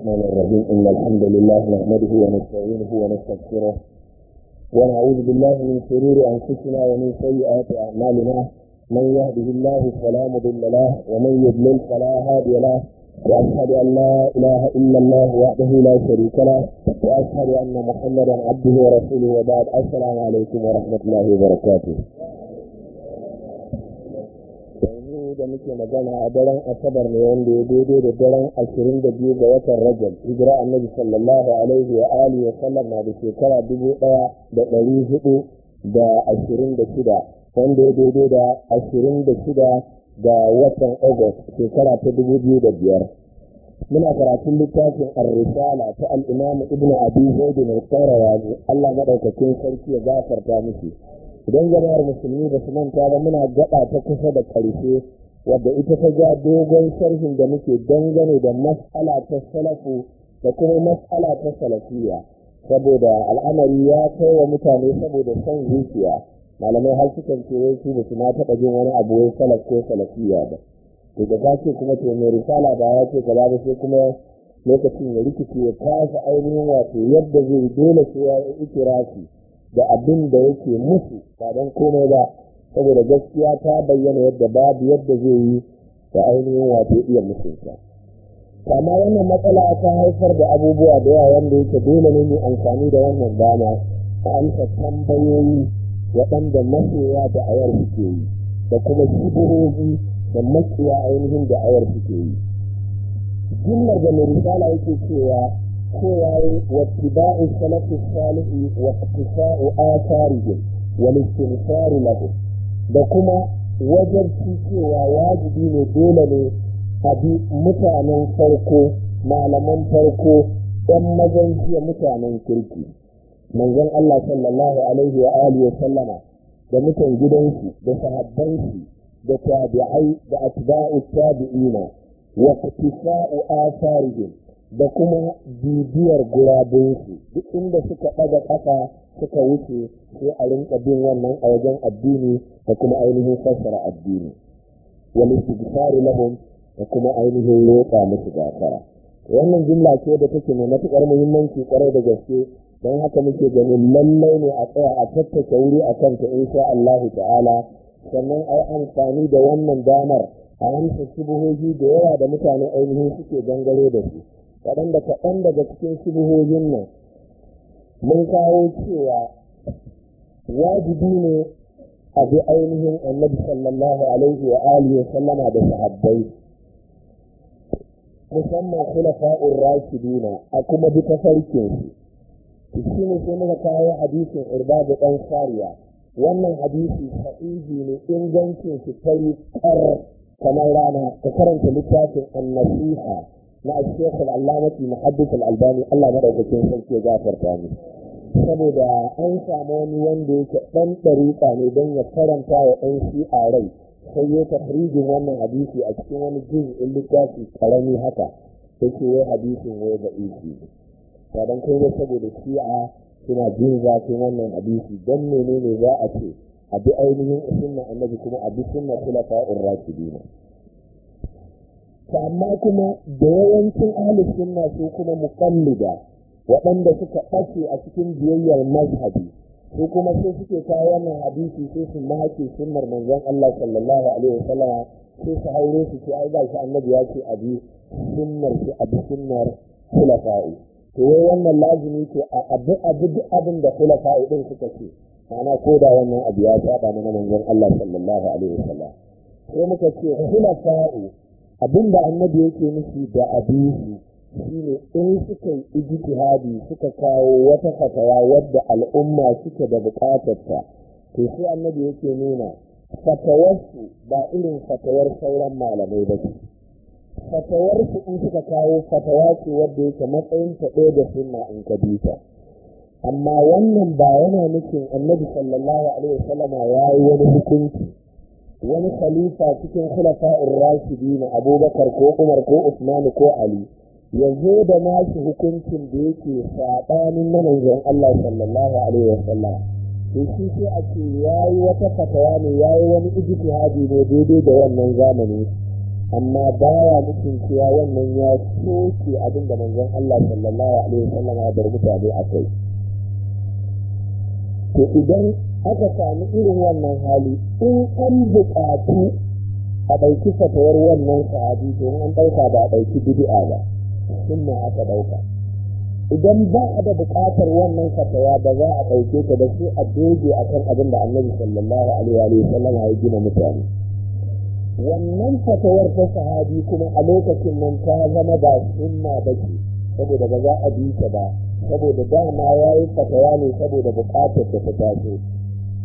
الرحمن الرحيم إن الحمد لله نحمده ونستعينه ونستغفره ونعوذ بالله من شرور أنفسنا ومن سيئات أعمالنا من يهده الله فلا مضل له ومن يضلل فلا هادي له وأشهد أن لا إله إلا الله وحده لا شريك له وأشهد أن محمدا عبده ورسوله وبعد السلام عليكم ورحمة الله وبركاته da muke magana a daren asabar ne wanda ya daidai da daren ashirin da biyu ga watan rajab hijira annabi sallallahu alaihi wa alihi wa sallam na da shekara dubu ɗaya da dari hudu da ashirin da shida wanda ya daidai da ashirin da shida ga watan agus shekara ta dubu biyu da biyar muna karatun littafin ar-risala ta al-imam ibnu abi zaid al-qayrawi Allah madaukakin sarki ya gafarta musu idan jama'ar musulmi ba su manta ba muna gaba ta kusa da ƙarshe wadda ita ta ja dogon sharhin da muke dangane da mas'ala ta salafu da kuma mas'ala ta salafiya saboda al'amari ya kai wa mutane saboda son zuciya malamai har sukan kan cewa su basu ma taɓa jin wani abu wai salaf ko salafiya ba to da ta ce kuma to mai risala da ya ce ka ba sai kuma lokacin ya rikici ya kasa ainihin wato yadda zai dole sai ya yi da abin da yake musu ba don komai ba saboda gaskiya ta bayyana yadda babu yadda zai yi da ainihin wato iya mutunta kama wannan matsala ta haifar da abubuwa da yawa wanda yake dole ne mu amfani da wannan dama a amsa tambayoyi waɗanda masoya da ayar suke yi da kuma jibirogi da masoya ainihin da ayar suke yi jimlar da mai risala yake cewa koyaye wa salafi salihi wa iktisa'u atharihim wal istighfar lahum da kuma wajen cewa wajibi ne dole ne a bi mutanen farko malaman farko ɗan mazan jiya mutanen kirki manzon Allah sallallahu alaihi wa alihi sallama da mutan gidansu da sahabbansu da tabi'ai da atba'u tabi'ina wa a asarihim da kuma bibiyar gurabinsu duk inda suka ɗaga ƙasa suka wuce sai a rinka bin wannan a wajen addini da kuma ainihin fassara addini wani su istighfaru lahum da kuma ainihin roƙa musu gasara. wannan jimla ce da take mai matuƙar muhimmanci ƙwarai da gaske don haka muke ganin lallai ne a tsaya a tattace wuri a kanta insha Allahu ta'ala sannan ai amfani da wannan damar a amsa shubuhohi da yawa da mutane ainihin suke gangare da su waɗanda kaɗan daga cikin shubuhohin nan mun kawo cewa wajibi ne a bi ainihin annabi sallallahu alaihi wa alihi wa sallama da sahabbai musamman khulafa'ur rashidina a kuma bi tafarkin su shi ne sai muka kawo hadisin irbadu sariya wannan hadisi sahihi ne ingancin shi kai kar kamar rana ka karanta littafin annasiha na al-Sheikh al-Allamah Muhaddith al Allah madaukakin sarki ya gafarta ni saboda an samu wani wanda yake dan dariƙa ne don ya karanta wa ɗan a rai sai ya tafrijin wannan hadisi a cikin wani in littafi karami haka yake wai hadisin wai da isi ba dan kai saboda shi'a suna jin zafin wannan hadisi don menene za a ce a bi ainihin sunna annabi kuma a bi sunna khulafa'ur rashidin to amma kuma da yawancin ahlus sunna su kuma muqallida waɗanda suka ɓace a cikin biyayyar mazhabi su kuma sai suke kawo wannan hadisi sai su mahake sunnar manzon Allah sallallahu alaihi wasallam sai su haure su ce ai ba shi annabi ya ce abi sunnar shi abi sunnar to wai wannan lazimi ce a abu abu duk abin da khulafa'i din suka ce Ana ko da wannan abu ya saba na manzon Allah sallallahu alaihi wasallam sai muka ce khulafa'i abin da annabi yake nufi da shi shine in suka yi ijtihadi suka kawo wata fatawa wadda al'umma suke da bukatarta to sai annabi yake nuna fatawarsu ba irin fatawar sauran malamai ba ce fatawarsu in suka kawo fatawa ce wadda yake matsayin ta ɗaya da sunna in ka ta amma wannan ba yana nufin annabi sallallahu alaihi wasallama ya yi wani hukunci wani khalifa cikin ar rashidin abubakar ko umar ko usman ko ali yanzu da nashi hukuncin da yake saɓanin na manzon Allah sallallahu alaihi wasallam to shi sai a ce yayi wata fatawa ne yayi wani ijtihadi ne daidai da wannan zamani amma baya nufin cewa wannan ya soke abin da manzon Allah sallallahu alaihi wasallam ya bar mutane akai to idan aka sami irin wannan hali in an buƙatu a ɗauki fatawar wannan sahabi domin an ɗauka ba a ɗauki bid'a ba sun ma aka ɗauka idan ba a da buƙatar wannan fatawa ba za a ɗauke ta da su a doge a kan abin da annabi sallallahu alaihi wa sallam ya gina mutane wannan fatawar ta sahabi kuma a lokacin nan ta zama ba sunna ba ce saboda ba za a bi ta ba saboda dama ya yi fatawa ne saboda buƙatar da ta taso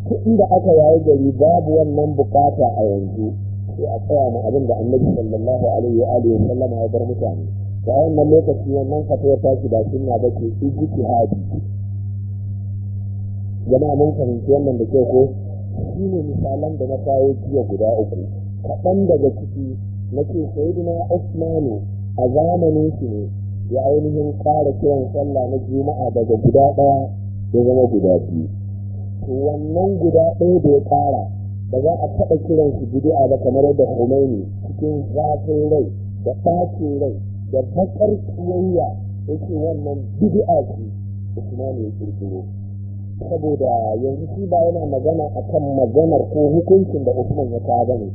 kuɗi da aka yayi gari babu wannan bukata a yanzu sai a tsaya mu abin da annabi sallallahu alaihi wa alihi sallam ya bar mutane da wannan lokaci wannan kafa ya tashi ba sunna ba ce haji jama'a mun fahimci wannan da kyau ko Shi ne misalan da na kawo jiya guda uku kaɗan daga ciki nake sayyidina Usmanu a zamanin shi ne ya ainihin ƙara kiran sallah na juma'a daga guda ɗaya ya zama guda biyu wannan guda ɗaya da ya ƙara da za a taɓa kiran shi a ba kamar da Khomeini cikin zafin rai da ɓacin rai da bakar kiyayya ke wannan a ce Usman ya kirkiro saboda yanzu shi ba yana magana akan maganar ko hukuncin da Usman ya ta bane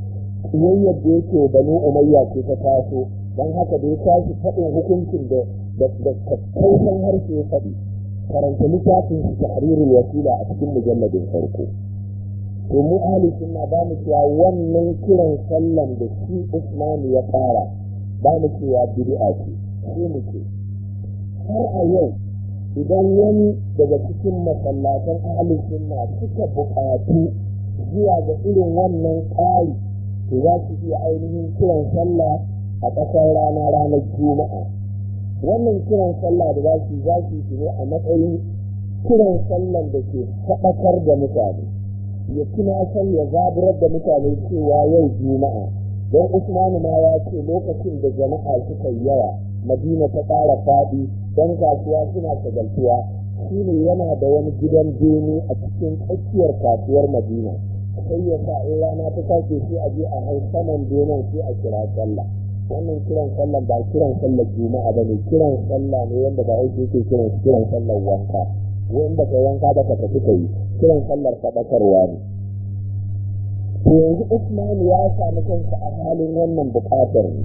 kiyayyar da yake banu umayya ce ta taso don haka da ya tashi faɗin hukuncin da da harshe ya faɗi karanta littafin su tahrirul wasila a cikin mujalladin farko to mu ahli sunna ba mu cewa wannan kiran sallan da shi Usman ya fara ba mu cewa bid'a ce sai mu ce har a yau idan wani daga cikin masallatan ahli sunna suka buƙatu zuwa ga irin wannan kai to za su iya ainihin kiran sallah a ƙasar rana ranar juma'a wannan kiran sallah da za su za su ne a matsayin kiran Sallar da ke faɗakar da mutane ya san ya zaburar da mutane cewa yau juma'a don usmanu ma ya ce lokacin da jama'a suka yi yawa madina ta ƙara faɗi don kasuwa suna shagaltuwa shi yana da wani gidan bene a cikin tsakiyar kasuwar madina sai ya sa in rana ta sake sai a je a hau saman benin sai a kira sallah wannan kiran sallan ba kiran sallar juma'a ba ne kiran sallah ne wanda ba aiki yake kiran kiran sallan wanka wanda ka wanka ba ka tafi kai kiran sallar tabakarwa ne to yanzu Usman ya samu kansa a halin wannan bukatar ne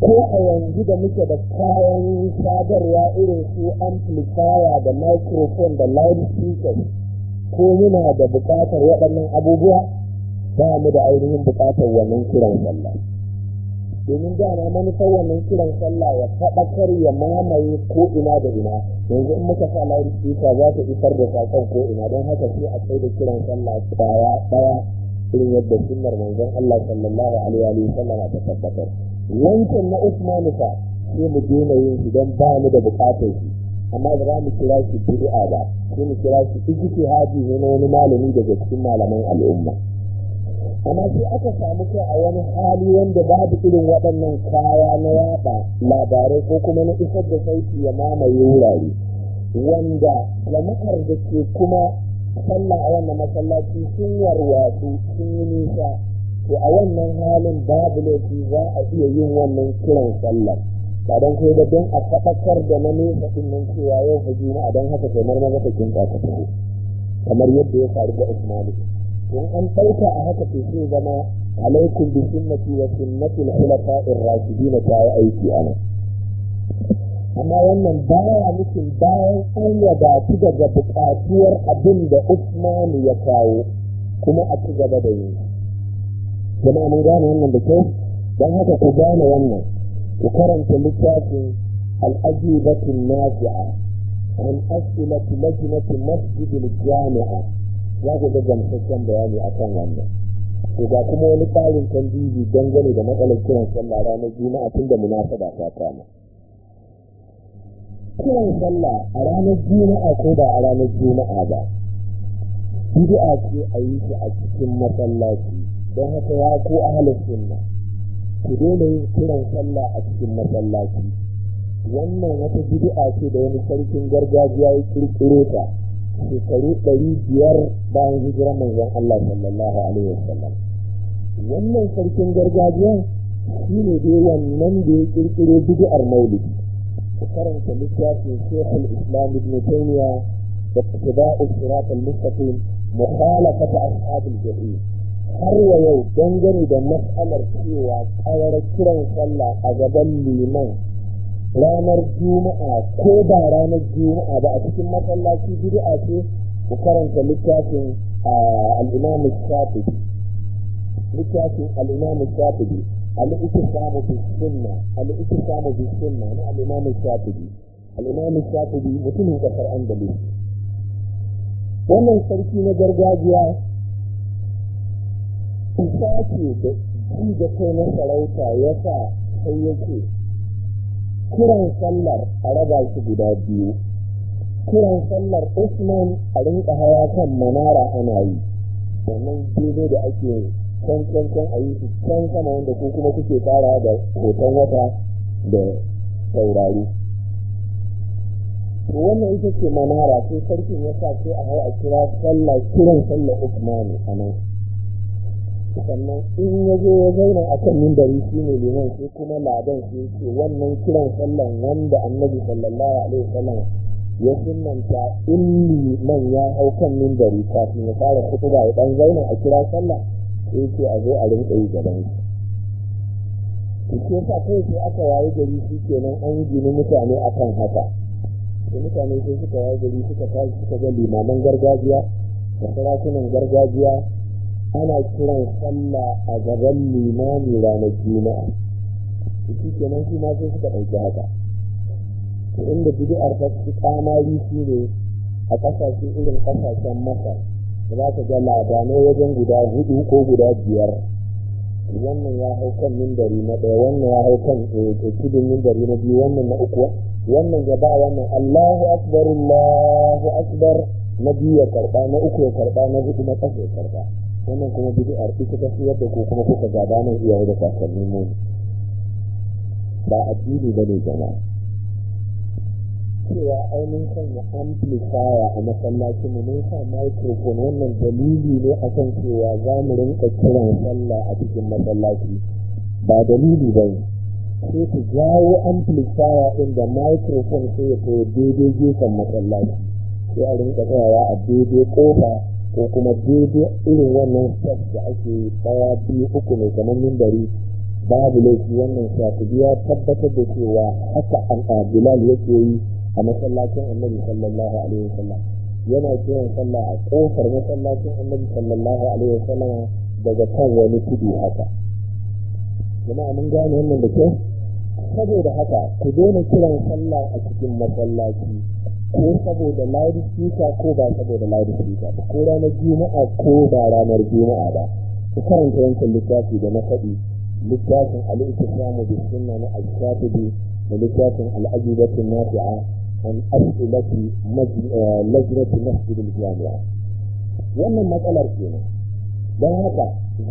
ko a yanzu da muke da kayan sadarwa irin su amplifier da microphone da loudspeaker ko muna da bukatar waɗannan abubuwa ba mu da ainihin bukatar wannan kiran sallah domin dama manufar wannan kiran sallah ya faɗakar ya mamaye ko ina da ina yanzu in muka sa lauri isa za ta isar da sakon ko ina don haka sai a kai da kiran sallah tsaya ɗaya irin yadda sunnar manzon Allah sallallahu alaihi wa sallam ta tabbatar wancan na Usman fa sai mu daina yin shi don ba mu da bukatar shi amma ba mu kira shi bid'a ba sai mu kira shi ijtihadi ne na wani malami daga cikin malaman al'umma amma sai aka samu kai a wani hali wanda babu irin waɗannan kaya na yaɗa labarai ko kuma na isar da sauti ya mamaye wurare wanda jama'ar da ke kuma sallah a wannan masallaci sun warwatsu sun yi nisa to a wannan halin babu laifi za a iya yin wannan kiran sallah ba don kai da don a faɗakar da na nesa ɗin nan cewa yau fa juma'a don haka kamar mazafakin ta kamar yadda ya faru da Usmanu. in an ɗauka a haka to sai zama alaikun bi sunnati wa sunnati al-khulafa'i ar-rashidin ta aiki ana amma wannan baya mutum bayan an wadatu daga buƙatuwar abin da Usman ya kawo kuma a ci gaba da yi. kuma mun gane wannan da kyau don haka ku gane wannan ku karanta littafin al-ajibatu nafi'a an as'ilatu lajnati masjidil jami'a za ku ga gamsasshen bayani a kan wannan to ga kuma wani tsarin tambihi dangane da matsalar kiran sallah ranar juma'a tun da ba ta kama kiran sallah a ranar juma'a ko ba a ranar juma'a ba bid'a ce a yi shi a cikin masallaci don haka ya ko ahalin sunna ku dole yin kiran sallah a cikin masallaci wannan wata bid'a ce da wani sarkin gargajiya ya kirkiro ta shekaru ɗari biyar bayan hijirar manzon Allah sallallahu alaihi wasallam wannan sarkin gargajiya shi ne dai wannan da ya kirkiro bid'ar maulidi ku karanta littafin shekul islam ibn taymiya da ittiba'u sirat al-mustaqim mukhalafat ashab al-jahil har wa yau dangane da matsalar cewa tsawar kiran sallah a gaban liman ranar juma'a ko ba ranar juma'a ba a cikin masallaci bid'a ce ku karanta littafin al-imam shafi'i littafin al-imam shafi'i al-ittisamu bi sunna al-ittisamu bi sunna na al-imam shafi'i al-imam shafi'i mutumin kasar andalus wannan sarki na gargajiya sa ce da ji da kai na sarauta ya sa sai yake kiran sallar a raba shi guda biyu kiran sallar usman a rinka hawa kan manara ana yi wannan daidai da ake can can can a yi su can sama wanda ko kuma kuke fara da hoton wata da saurari wannan ita ce manara sai sarkin ya sa sai a hau a kira sallah kiran sallar usman a nan sannan in ya zo ya zauna a kan mimbari shi ne liman sai kuma ladan shi ce wannan kiran sallan wanda annabi sallallahu alaihi wasallam ya sunanta in liman ya hau kan mimbari kafin ya fara kutuba ya dan zauna a kira sallah sai ce a zo a rinka yi gaban shi ku ce sa kai sai aka waye gari shi kenan an gini mutane akan haka da mutane sai suka waye gari suka tashi suka ga limaman gargajiya da sarakunan gargajiya ana kiran sallah a gaban limami ranar juma'a shi kenan shi ma sai suka ɗauki haka ko inda bid'ar ta fi kamari shi ne a ƙasashe irin ƙasashen masar da za ka ga labanai wajen guda hudu ko guda biyar wannan ya hau kan mindari na ɗaya wannan ya hau kan eh, tudun mindari na biyu wannan na uku wannan ya ba wannan allahu akbar allahu akbar na biyu ya karɓa na uku ya karɓa na hudu na ƙasa ya karɓa wannan kuma bid'ar ita ta siyar da ku kuma kuka gaba nan iya da kakanni mu ba addini ne jama'a cewa ainihin sanya amplifier a masallaci mu ne sa microphone wannan dalili ne akan cewa za mu rinka kiran sallah a cikin masallaci ba dalili ba ne sai ku jawo amplifier ɗin da microphone sai ya koya daidai gefen masallaci sai a rinka tsayawa a daidai kofa ko kuma daidai irin wannan step da ake yi biyu uku mai kamar mimbari babu laifi wannan shafi ya tabbatar da cewa haka an bilal yake yi a masallacin annabi sallallahu alaihi wasallam yana kiran sallah a kofar masallacin annabi sallallahu alaihi wasallam daga kan wani tudu haka jama'a mun gane wannan da kyau saboda haka ku daina kiran sallah a cikin masallaci ko saboda lari shuka ko ba saboda lari shuka ba ko ranar juma'a ko ba ranar juma'a ba ku karanta yankin littafi da na faɗi littafin alikisamu bi sunna na al-shafi'i da littafin da nafi'a an as'ilati eh, lajnati masjid al-jami'a wannan matsalar kenan don haka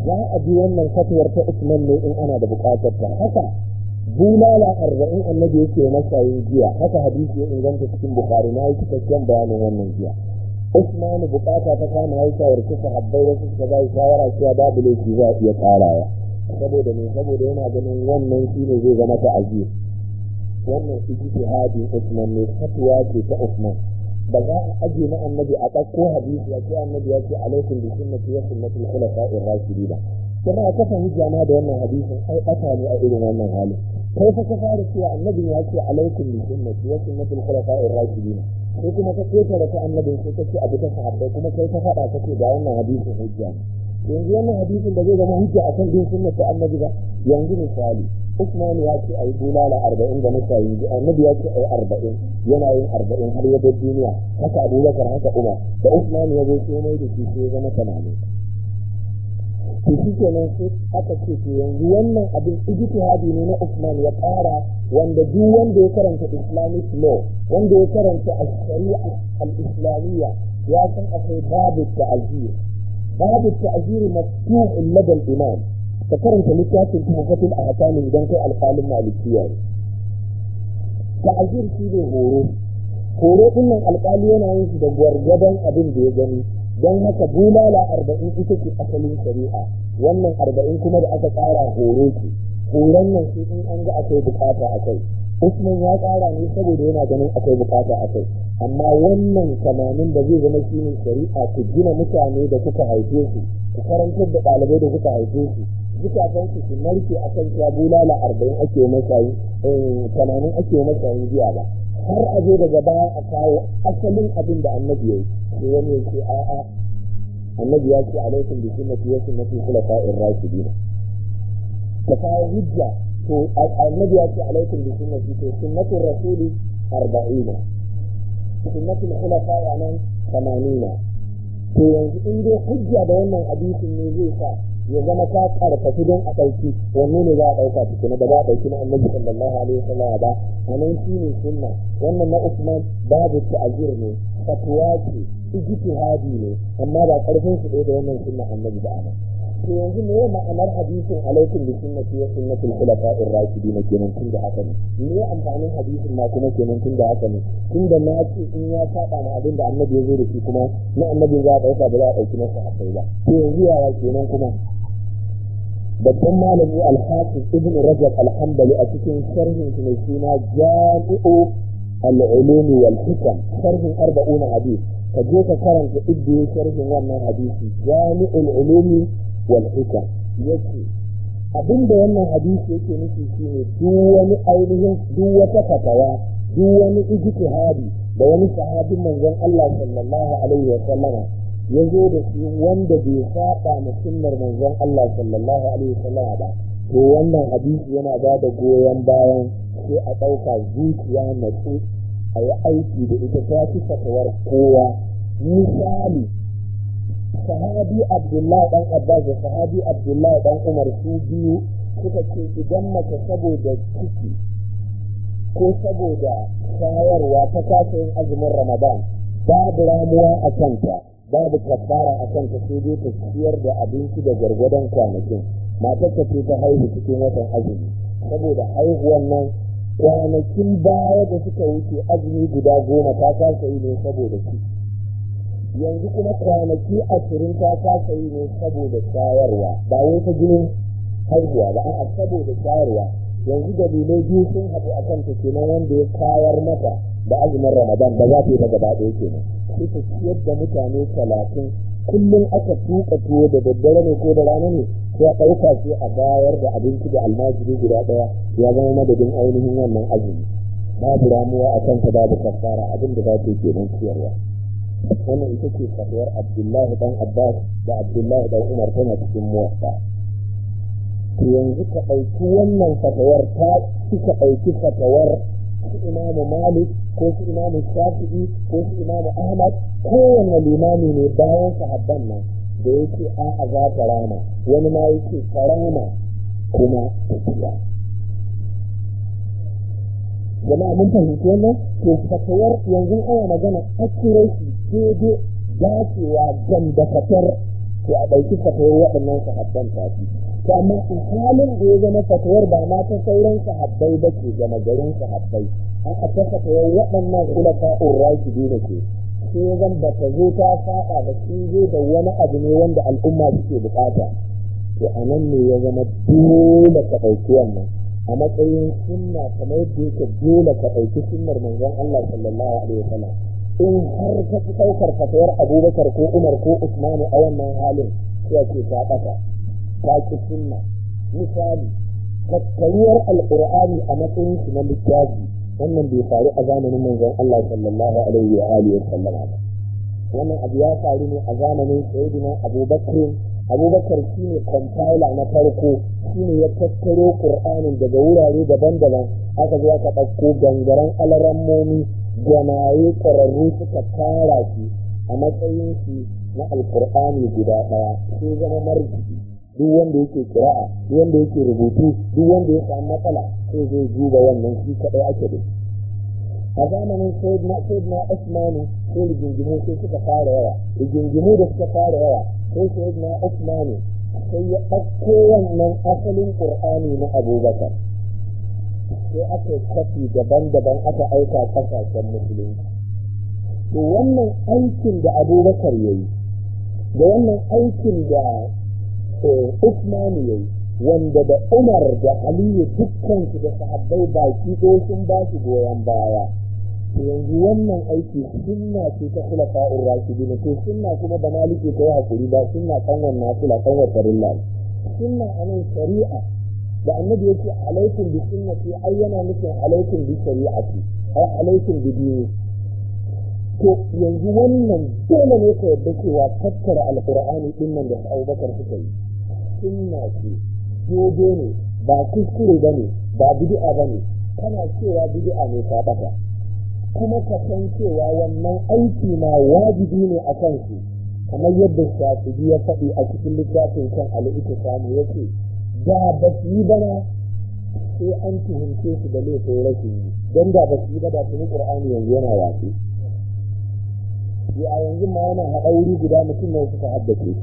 za a bi wannan fatwar ta Usman ne in ana da bukatar ta haka bulala arba'in annabi yake masa yin jiya haka hadisi ya inganta cikin bukhari na yi cikakken bayanin wannan jiya usman bukata ta kama haisha wa rikisa habbai wasu suka bayi shawara cewa babu laifi za a iya karawa saboda ne saboda yana ganin wannan shi ne zai zama ta'azir wannan ijtihadin usman ne fatuwa ce ta usman ba za a aje na annabi a ɗauko hadisi ya ce annabi ya ce alaikum bi sunnati wa sunnati al-khulafa'ir rashidin kuma ka fahimci jama'a da wannan hadisin ai ɓata ne a irin wannan halin kai fa ka fara cewa annabi ya ce alaikum bi sunnati wa sunnatul khulafa'ir rashidin ko kuma ka keta da ta annabin sai ka ce abu ta sahabbai kuma kai ka faɗa ka ce ga wannan hadisin hujja yanzu wannan hadisin da zai zama hujja akan bin sunnati annabi ba yanzu misali Usman ya ce a yi bulala arba'in da nasa yanzu annabi ya ce a yi arba'in yana yin arba'in har ya bar duniya haka abubakar haka umar da Usman ya zo komai mai da shi sai ya zama tamanin to shi kenan sai aka ce to yanzu wannan abin hadi ne na Usman ya ƙara. wanda duk wanda ya karanta Islamic law wanda ya karanta al-shari'a al-islamiyya ya san akwai babu ta'zir babu ta'zir maftuh ladal imam ka karanta littafin tuhfatul ahkam idan kai alqalin malikiya ne ta'zir shi ne horo horo din nan alƙali yana yin shi da gwargwadon abin da ya gani don haka bulala arba'in ita ce asalin shari'a wannan arba'in kuma da aka tsara horo ce horon nan sai in an ga akwai bukata a kai usman ya tsara ne saboda yana ganin akwai bukata a kai amma wannan tamanin da zai zama shi ne shari'a ku gina mutane da kuka haife su ku karantar da ɗalibai da kuka haife su zukatan su su narke a kan cewa bulala arba'in ake matsayi eh, tamanin ake matsayin jiya ba har a zo daga baya a kawo asalin abin da annabi ya yi sai wani ya ce a'a annabi ya ce alaikum bi sunnati wa sunnati khulafa'ir rashidin ka kawo hujja to annabi ya ce alaikum bi sunnati to sunnatur rasuli arba'ina sunnatul khulafa'i nan 80 to yanzu in dai hujja da wannan hadisin ne zai sa ya zama ta karfafi don a ɗauki wani ne za a ɗauka tukuna da za a ɗauki na annabi sallallahu alaihi sallam ba a nan shi ne sunna wannan na usman babu ta'azir ne fatwa ce ijtihadi ne amma ba karfin su da wannan sunna annabi ba a nan. to yanzu me ma'anar hadisin alaikum bi sunnati wa sunnati al-khulafa'ir rashidin kenan tun da haka ne me amfanin hadisin ma kuma kenan tun da haka ne tun da na ce in ya saba ma abin da annabi ya zo da shi kuma na annabi za a dauka ba za a dauki masa akai ba to yanzu yaya kenan kuma babban malami al-hafiz ibn rajab al-hanbali a cikin sharhin shi mai suna jami'u al-ulum wal hikam sharhin 40 hadith ka je ka karanta idda sharhin wannan hadisi jami'ul ulumi wal hikam yake abinda wannan hadisi yake nufi ne duk wani ainihin duk wata fatawa duk wani hadi da wani sahabin manzon Allah sallallahu alaihi wa sallama ya zo da shi wanda bai saba ma sunnar manzon Allah sallallahu alaihi wa sallama ba to wannan hadisi yana ba da goyon bayan sai a ɗauka zuciya natsu a yi aiki da ita ta fi fatawar kowa misali sahabi abdullahi dan abbas da sahabi abdullahi dan umar su biyu suka ce idan mace saboda ciki ko saboda shayarwa ta kasa yin azumin ramadan babu ramuwa a kanta babu kabbara a kanta sai dai ta ciyar da abinci da gwargwadon kwanakin matar ta ce ta haihu cikin watan azumi saboda haihuwan nan kwanakin baya da suka wuce azumi guda goma ta kasa yi ne saboda ciki yanzu kuma kwanaki ashirin ta kasa yi ne saboda shayarwa ba wai ta jinin haihuwa ba A saboda shayarwa yanzu dalilai biyu sun haɗu a kan ta kenan wanda ya kayar mata da azumin ramadan ba za ta yi ta gaba ɗaya kenan sai ta ciyar da mutane talatin kullum aka tuka tuwo da daddare ne ko da rana ne sai a ɗauka sai a bayar da abinci da almajiri guda ɗaya ya zama madadin ainihin wannan azumi babu ramuwa a kanta babu kafara abin da za ta yi kenan ciyarwa wannan ita ce fatawar abdullahi dan abbas da abdullahi dan umar tana cikin muwaffa to yanzu ka ɗauki wannan fatawar ta ci ka ɗauki fatawar su imamu malik ko su imamu shafi'i ko su imamu ahmad kowane limami ne bayan sahabban nan da yake a'a za ta rama wani ma yake ta rama kuma tafiya jama'a mun fahimci wannan to fatawar yanzu ana magana accuracy daidai dacewa gan da fatar ko a ɗauki fatawar waɗannan sahabban tafi to amma a halin da ya zama fatawar ba ma ta sauran sahabbai ba ke gama garin sahabbai a ta fatawar waɗannan kula raki biyu da ke sai zan ba ta zo ta faɗa da sun zo da wani abu ne wanda al'umma suke bukata to a nan ne ya zama dole ka ɗauki wannan a matsayin sunna kamar yadda yake dole ka ɗauki sunnar manzon Allah sallallahu alaihi sallam. in har ka fi ɗaukar abubakar ko umar ko usmanu a wannan halin sai ake ta ɓata ta ki sunna misali tattaruwar alƙur'ani a matsayin shi na littafi wannan bai faru a zamanin manzon Allah sallallahu alaihi wa alihi wa sallama ba wannan abu ya faru ne a zamanin sayyidina abubakar abubakar shine compiler na farko shine ya tattaro qur'anin daga wurare daban-daban aka zo aka ɗauko gangaren alarammomi jama'i ƙwararru suka tara shi a matsayin shi na alkur'ani guda ɗaya sai zama marjiki duk wanda yake kira'a duk wanda yake rubutu duk wanda ya samu matsala sai zai duba wannan shi kaɗai ake da a zamanin sayyid na sayyid na usmanu sai rigingimu sai suka fara yawa rigingimu da suka fara yawa sai sayyid na usmanu sai ya ɗauko wannan asalin ƙur'ani na abubakar sai aka kafi daban-daban aka aika kasashen musulunci to wannan aikin da abubakar ya yi da wannan aikin da eh, Usman ya yi wanda da umar da aliyu dukkansu da sahabbai shi ko sun ba su goyon baya yanzu wannan aiki sunna ce ta kula fa'ur rashidin ko sunna kuma da maliki ta yi hakuri ba sunna kanwan nasila kanwan farilla sunna nan shari'a da annabi yake alaikum bi sunnati ai yana nufin alaikum bi shari'ati ai alaikum bi dini to yanzu wannan dole ne ka yadda cewa tattara Alkur'ani din nan da Abubakar suka yi sunna ce dodo ne ba kuskure ba ne, ba bid'a ne, kana cewa bid'a ne ka bata kuma ka san cewa wannan aiki ma wajibi ne a kansu kamar yadda shafi ya faɗi a cikin littafin kan al'ikisamu ya ce da ba su yi bana sai an tuhumce su da laifin rashin yi don da ba su yi ba tuni ƙur'ani yanzu yana wasu. ya a yanzu ma yana haɗa wuri guda mutum ne suka haddace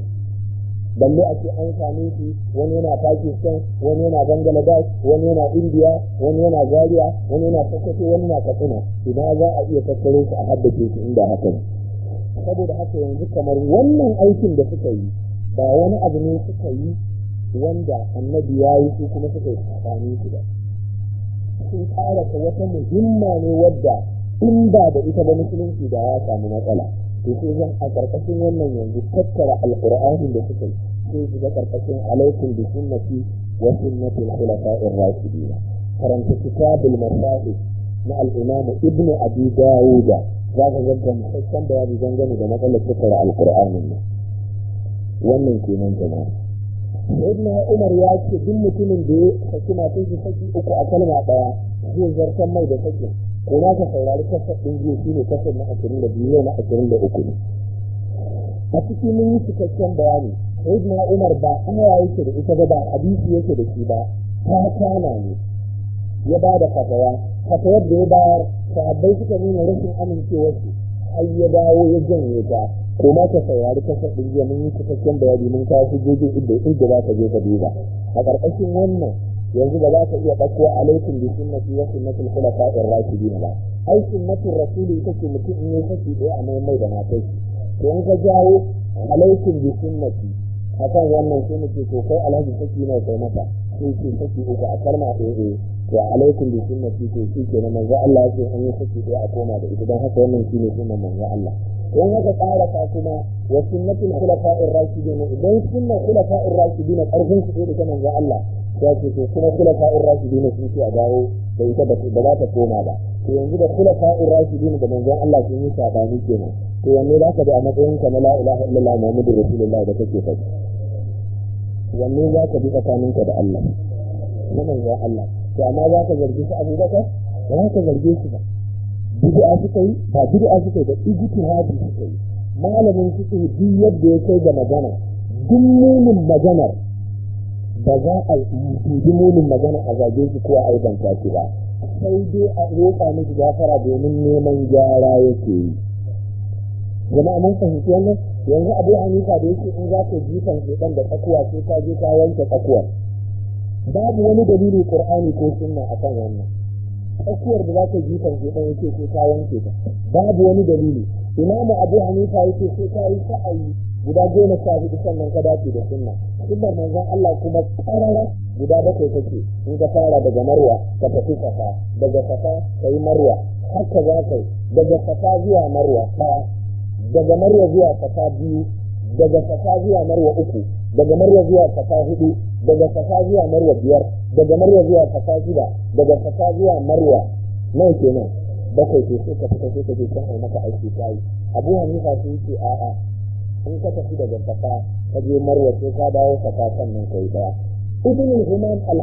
balle a ce an same shi wani yana pakistan wani yana bangladesh wani yana Indiya, wani yana zaria wani yana sokoto wani na katsina ina za a iya tattare su a haddace su inda haka ne saboda haka yanzu kamar wannan aikin da suka yi ba wani abu ne suka yi wanda annabi ya yi su kuma suka yi tsakanin su ba sun ƙara ta wata muhimma ne wadda in ba da ita ba musulunci da ya samu matsala to sai zan a ƙarƙashin wannan yanzu tattara alƙur'anin da suka yi sai shiga ƙarƙashin alaikum bi sunnati wa sunnati al-khulafa'ir rashidin karanta kitabul masahih na al-imam ibn abi dawud za ka ga gamsasshen bayani dangane da matsalar tattara alƙur'anin nan wannan kenan jama'a sayyidina umar ya ce duk mutumin da ya saki matan shi saki uku a kalma daya zai zartan mai da saki ko na ka saurari kasar ɗin zai shi ne kasar na ashirin da biyu na ashirin da uku a cikin mun yi cikakken bayani sayyidina umar ba aya yake da ita ba ba hadisi yake da shi ba ta kana ne ya ba da fatawa fatawar da ya bayar sahabbai suka nuna rashin su. har ya dawo ya janye ta ko ma ka saurari kasar ɗin jiya mun yi cikakken bayani mun kawo hujjojin inda da za ka je ka duba a ƙarƙashin wannan yanzu ba za ka iya ɗauko alaikum bi sunnati wa sunnatul khulafa'ir rashidin ba ai sunnatul rasuli ita ce mutum in yi saki ɗaya a mai da matai to in ka jawo alaikum bi sunnati kan wannan sai muke to kai alhaji saki mai kai mata sai ce saki uku a kalma ɗaya wa eh. alaikum bi sunnati to shi kenan manzo Allah ya ce an yi saki ɗaya a koma da ita don haka wannan shine sunan manzo Allah in haka tsara ta kuma wa sunnatul khulafa'ir rashidin idan sunna khulafa'ir rashidin karfin su da kaman ga Allah ya ce to kuma khulafa'ir rashidin sun ce a dawo da ita da za ta koma ba to yanzu da khulafa'ir rashidin da manzon Allah sun yi sabani kenan to wanne za ka bi a matsayin ka na la ilaha illallah muhammadur rasulullah da kake faɗi wanne za ka bi tsakaninka da Allah na manzon Allah to amma za ka zargi su abubakar ba za ka zarge su ba bid'a suka yi ba bid'a suka yi ba ijtihadi suka yi malamin suka yi duk yadda ya kai ga magana duk munin maganar ba za a yi munin magana a zage shi ko a aibanta shi ba sai dai a roƙa miki gafara domin neman gyara yake yi jama'a mun fahimci wannan yanzu abu hanifa da yake in za ka kan shekan da tsakuwa sai ka je ka yanke tsakuwar babu wani dalili ƙur'ani ko sunna akan wannan tsakiyar da za ka ji kan shedan yake ko ka wanke ta babu wani dalili imamu abu hanifa yake ko ta yi sa'ayi guda goma sha hudu sannan ka dace da sunna sunnar manzon Allah kuma karara guda bakwai take in ka fara daga marwa ka tafi safa daga safa ka yi marwa haka za ka yi daga safa zuwa marwa ɗaya daga marwa zuwa safa biyu daga safa zuwa marwa uku daga marya zuwa kasa hudu daga kasa zuwa marya biyar daga marya zuwa kasa shida daga kasa zuwa marwa nan kenan bakwai ke sai ka fita sai ka je can ai maka aiki kai abu hanifa sun yake a'a in ka tafi daga kasa ka je marya sai ka dawo kasa sannan kai daya ibn humam al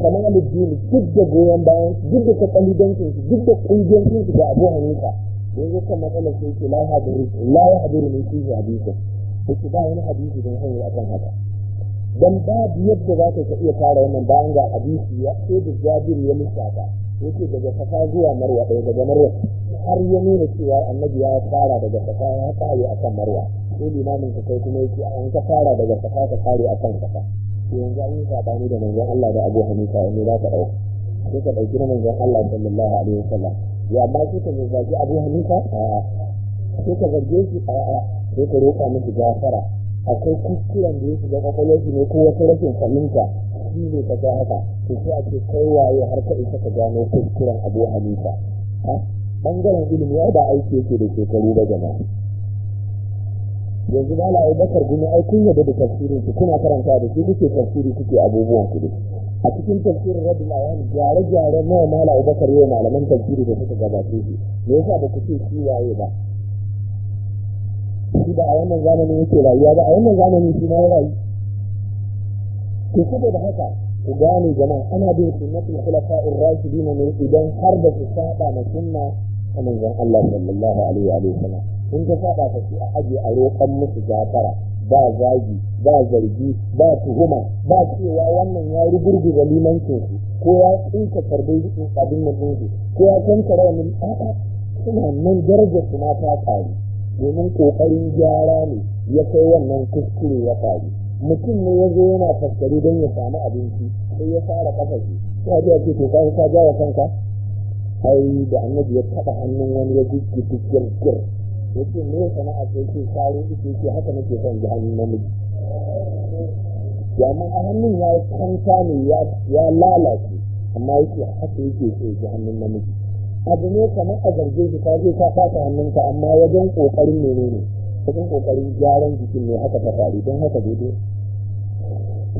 kamar alijini duk da goyon bayan duk da kakalidancin su duk da kungiyancin su ga abu hanifa yanzu kan matsalar sun ke la ya hadiru min kishi hadisin yake ba wani hadisi don hanyar akan haka dan babu yadda za ka iya fara wannan bayan ga hadisi ya sai da jabir ya lissafa yake daga safa zuwa marwa ɗaya eh, daga marwa har ya nuna cewa annabi ya fara daga safa ya kare akan marwa sai limamin ka kai kuma yake an ka fara daga safa ka kare akan safa to yanzu an yi sabani da manzon Allah da Abu Hanifa wanne za ka ɗauka sai ka ɗauki na manzon Allah sallallahu alaihi wasallam ya ba sai ka zaki Abu Hanifa A sai ka zarge shi a'a sai ka roƙa miki gafara akwai kuskuren da ya shiga kwakwalwarsu ne ko wasu rashin fahimta shi ne ka ga haka to sai a ce kai waye har ka isa ka gano kuskuren abu hanifa bangaren ilimi ya ba aiki yake da shekaru da jama'a yanzu mala bakar gumi ai kun yadda da tafsirin ku kuna karanta da shi kuke tafsiri kuke abubuwan ku a cikin tafsirin rabbul ayan gyare gyare nawa mala bakar yau malaman tafsiri da suka gabace shi me yasa ba ku ce shi waye ba shi ba a wannan zamanin yake rayuwa ba a wannan zamanin shi ma ya rayu to saboda haka ku gane jama'a ana bin sunnatul khulafa'ir rashidin ne idan har da su saba na sunna ta manzon Allah sallallahu alaihi wa sallam in ka saba ka ci a aje a roƙon musu gafara ba zagi ba zargi ba tuhuma ba cewa wannan ya rugurguza limancin su ko ya tsinka karbe abin nan ko ya tantara min a'a suna nan darajar su ma ta ƙaru domin kokarin gyara ne ya kai wannan kuskure ya faru mutum ne ya zo yana fassari don ya samu abinci sai ya fara kafa shi sai ya ce to ka ka jawa kanka ai da annabi ya taba hannun wani ya jikki tukiyar kir ya ce me sana'a sai ce saro ita ce haka nake son ji hannun namiji domin a hannun ya kanta ne ya lalace amma yake haka yake so ji hannun namiji abu ne kamar a zarge shi ka je ka fata hannunka amma wajen kokarin menene wajen kokarin gyaran jikin ne haka ta faru don haka daidai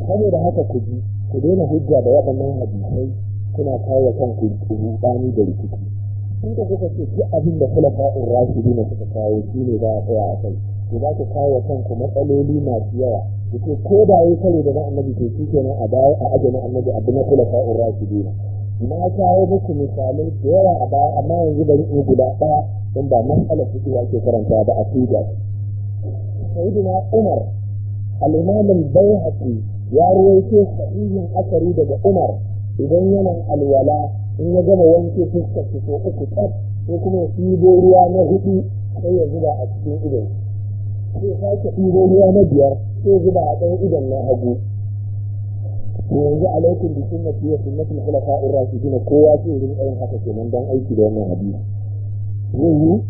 saboda haka ku ji ku daina hujja da waɗannan hadisai kuna kawo kanku rudani da rikici sun ka kuka ce duk abin da fa'in rashidi ne suka kawo shi ne za a tsaya a kai ku za ku kawo kanku matsaloli masu yawa ku ce ko da ya kare da na annabi ke shi kenan a dawo a ajiye na annabi abu na fa'in rashidi ne na kawo muku misalai da yawa a baya amma yanzu bari in guda ɗaya don ba matsalar fiƙi ke karanta ba a tuja sayyidina umar al-imam bayhaqi ya ruwaito sahihin asari daga umar idan yana alwala in ya gama wanke fuskar shi ko uku tsaf ko kuma ya ɗibo ruwa na hudu sai ya zuba a cikin idon sai sake ɗibo ruwa na biyar sai zuba a ɗan idon na hagu yanzu bikin na fiye sun sunnati kula khulafai kowa ce irin ɗayan haka ke nan don aiki da wannan hadisi yanzu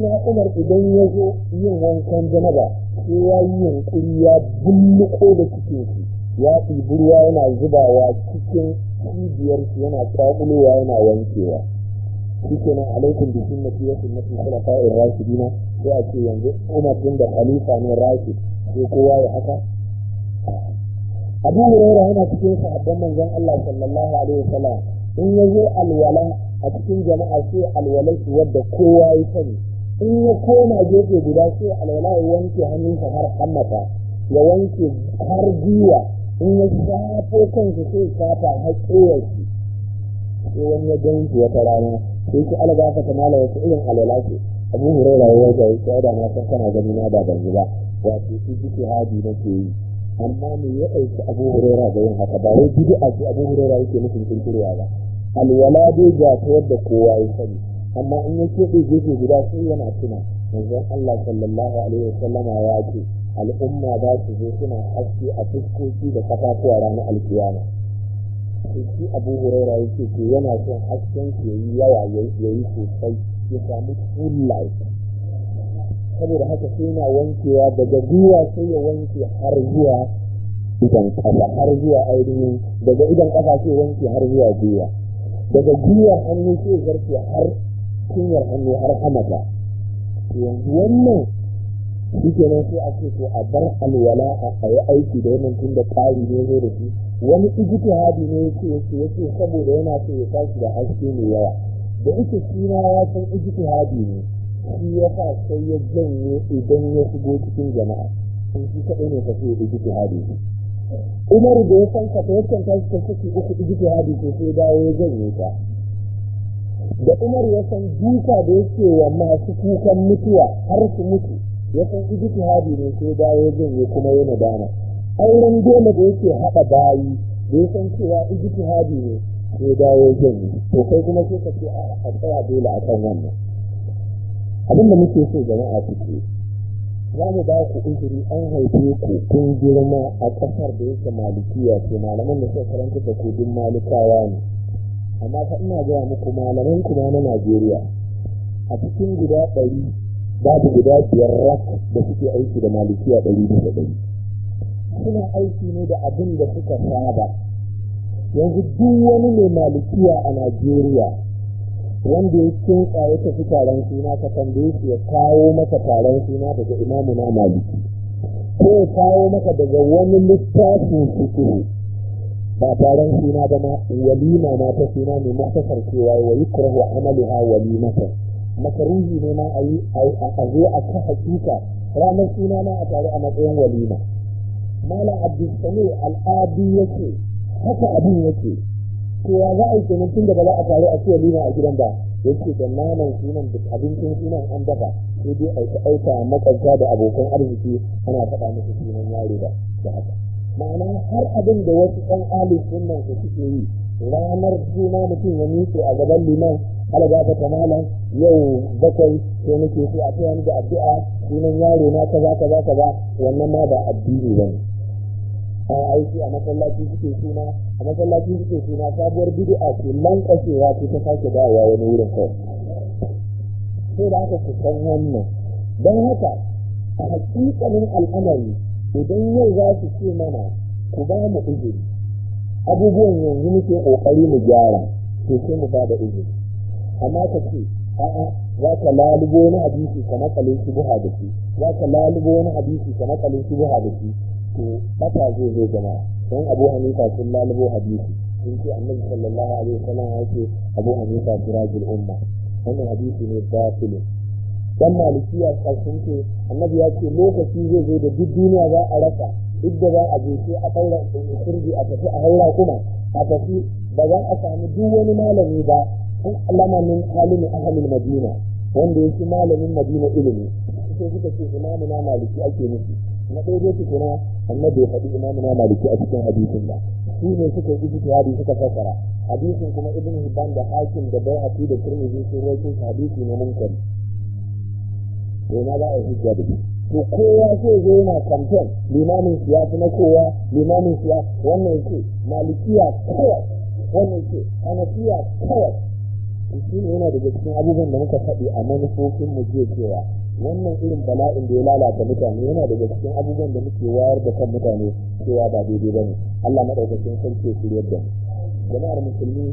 na Umar idan ya zo yin wankan janaba ko ya yi yankuri ya bulluko da cikin shi ya fi burwa yana zubawa cikin cibiyar shi yana tsakulowa yana wankewa shikenan bikin bi sunnati wa sunnati al-khulafa'i ar-rashidin sai a ce yanzu Umar din da khalifa ne rashid sai kowa ya haka abu hurairah yana cikin sahabban manzon Allah sallallahu alaihi wasallam in ya alwala a cikin jama'a sai alwala su wadda kowa ya sani in ya koma gefe guda sai alwala ya wanke hannunsa har hammata ya wanke har gwiwa in ya shafo kansa sai shafa har shi sai wani ya gan shi wata rana sai shi algafa ta mala wasu irin alwala ce abu hurairah ya wajen ya da na san kana gani na ba ban ba wato shi jiki hadi nake yi amma me ya aiki abu hurera da yin haka ba wai gidi a abu hurera yake nufin tunturewa ba alwala dai ga ta yadda kowa ya sani amma in ya keɓe gefe guda sai yana tuna manzon Allah sallallahu alaihi wasallama ya ce al'umma za su zo suna haske a fuskoki da kafafuwa ranar alkiyama sai shi abu hurera yake ce yana son hasken ke yi yawa ya yi sosai ya samu full life saboda haka sai na wankewa daga gwiwa sai ya wanke har zuwa idan kafa har zuwa ainihin daga idan kafa sai wanke har zuwa gwiwa daga gwiwar hannu sai zarfe har cinyar hannu har hamata yanzu wannan shi nan sai a ce ko a bar alwala a yi aiki da wannan tun da tsari ne zai da shi wani haɗi ne ya ce yake yake saboda yana so ya tashi da haske mai yawa da ita shi ya san haɗi ne shi ya sa sai ya janye idan ya shigo cikin jama'a sun shi kaɗai ne tafiye ijiti hadi umar da ya san ka ta yankan ta shi kashi uku ijiti hadi ko sai dawo ya janye ta da umar ya san duka da yake wa masu kukan mutuwa har su mutu ya san ijiti hadi ne sai dawo ya janye kuma ya dana auren dole da yake haɗa bayi da ya san cewa ijiti hadi ne sai dawo ya janye to kai kuma sai ka ce a tsaya dole a kan wannan abinda muke so jama'a ku ce za mu ba ku izini an haife ku kun girma a ƙasar da yake malikiya ce malaman da suka karanta da ku duk malikawa ne amma fa ina gaya muku malaman kuma na najeriya a cikin guda ɗari babu guda biyar rak da suke aiki da malikiya ɗari da ɗari suna aiki ne da abin da suka saba yanzu duk wani mai malikiya a najeriya wanda ya kinsa ya tafi taron suna ka san shi ya kawo maka taron suna daga imamu na maliki ko ya kawo maka daga wani littafin fikihu ba taron suna ba ma walima ma ta suna mai mafasar cewa wa yi kurahu amaluha walimata makaruhi ne ma a yi a zo a ka hakika ranar suna ma a taru a matsayin walima Malam abdulsami al'adu yake haka abin yake to ya za a yi kenan tun da ba za a tare a ce lima a gidan ba ya ce da naman sunan da abincin sunan an dafa sai dai a yi aika makarta da abokan arziki ana faɗa musu sunan yaro ba. da haka ma'ana har abin da wasu ɗan alif sunan su suke yi ranar juna mutum ya miƙe a gaban liman alaga ta kamalan yau bakwai ko nake so a tsaye da addu'a sunan yaro na kaza kaza kaza wannan ma ba addini ba ne a aiki a masallaci suke suna a masallaci suke suna sabuwar bid'a ce lankashewa ce ta sake dawowa wani wurin kai sai da haka su san wannan don haka a hakikalin al'amari idan yau za su ce mana ku ba mu izini abubuwan yanzu muke kokari mu gyara to sai mu ba da izini amma ka ce a'a za ka lalubo wani hadisi ka makalin shi buha da shi za ka lalubo wani hadisi ka makalin shi buha da shi to eh, bata zai zai jama'a don abu hanifa sun lalubo hadisi sun ce annabi sallallahu alaihi wasallam ya ce abu hanifa sirajul umma wannan hadisi ne batilin dan malikiya ka sun ce annabi ya ce lokaci zai zo da duk duniya za a rasa duk da za a je sai a faura kurji a tafi a haura kuma a tafi ba za a sami duk wani malami ba an lamanin halin ahalin madina wanda yake malamin madina ilimi sai suka ce imamu na maliki ake nufi na ɗaya dai tukuna annabi ya faɗi imamu na maliki a cikin hadisin ba shi ne suka yi ijtihadi suka fassara hadisin kuma ibn hibban da hakim da bai'ati da turmizi sun rawaito hadisi ne munkari to na za a hujja da shi to kowa sai zo yana kamfen limamin siya na kowa limamin siya wannan ce malikiya kawai wannan ce hanafiya kawai shi ne yana daga cikin abubuwan da muka faɗi a manufofin mu cewa wannan irin bala'in da ya lalata mutane yana daga cikin abubuwan da muke wayar da kan mutane cewa ba daidai bane Allah madaukakin sarki su yadda jama'ar musulmi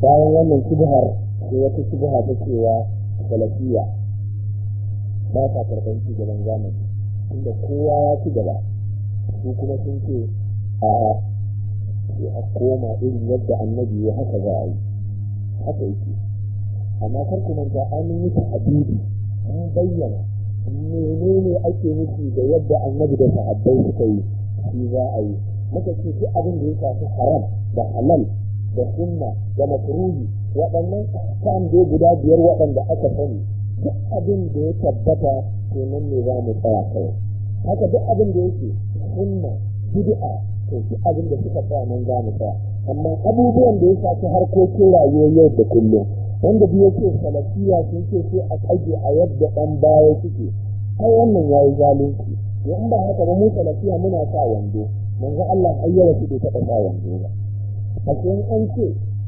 bayan wannan shubhar sai wata shubha ta cewa salafiya ba ta karɓar ci gaban zamani inda kowa ya ci gaba su kuma sun ce a a koma irin yadda annabi ya haka za a yi haka yake amma kan kuma ga an yi ta mun bayyana menene ake nufi da yadda annabi da sahabbai suka yi shi za a yi muka ce duk abin da ya shafi haram da halal da sunna da makruhi waɗannan kan dai guda biyar waɗanda aka sani duk abin da ya tabbata to nan ne za mu tsaya kawai haka duk abin da yake sunna bid'a to duk abin da suka tsaya nan za mu tsaya amma abubuwan da ya shafi harkokin rayuwar yau da kullum wanda biyu yake salafiya sun ce sai a tsage a yadda ɗan baya suke har wannan ya yi zalunci in ba haka ba mu salafiya muna sa wando manzo Allah ayyara su bai taɓa sa wando ba a cikin an ce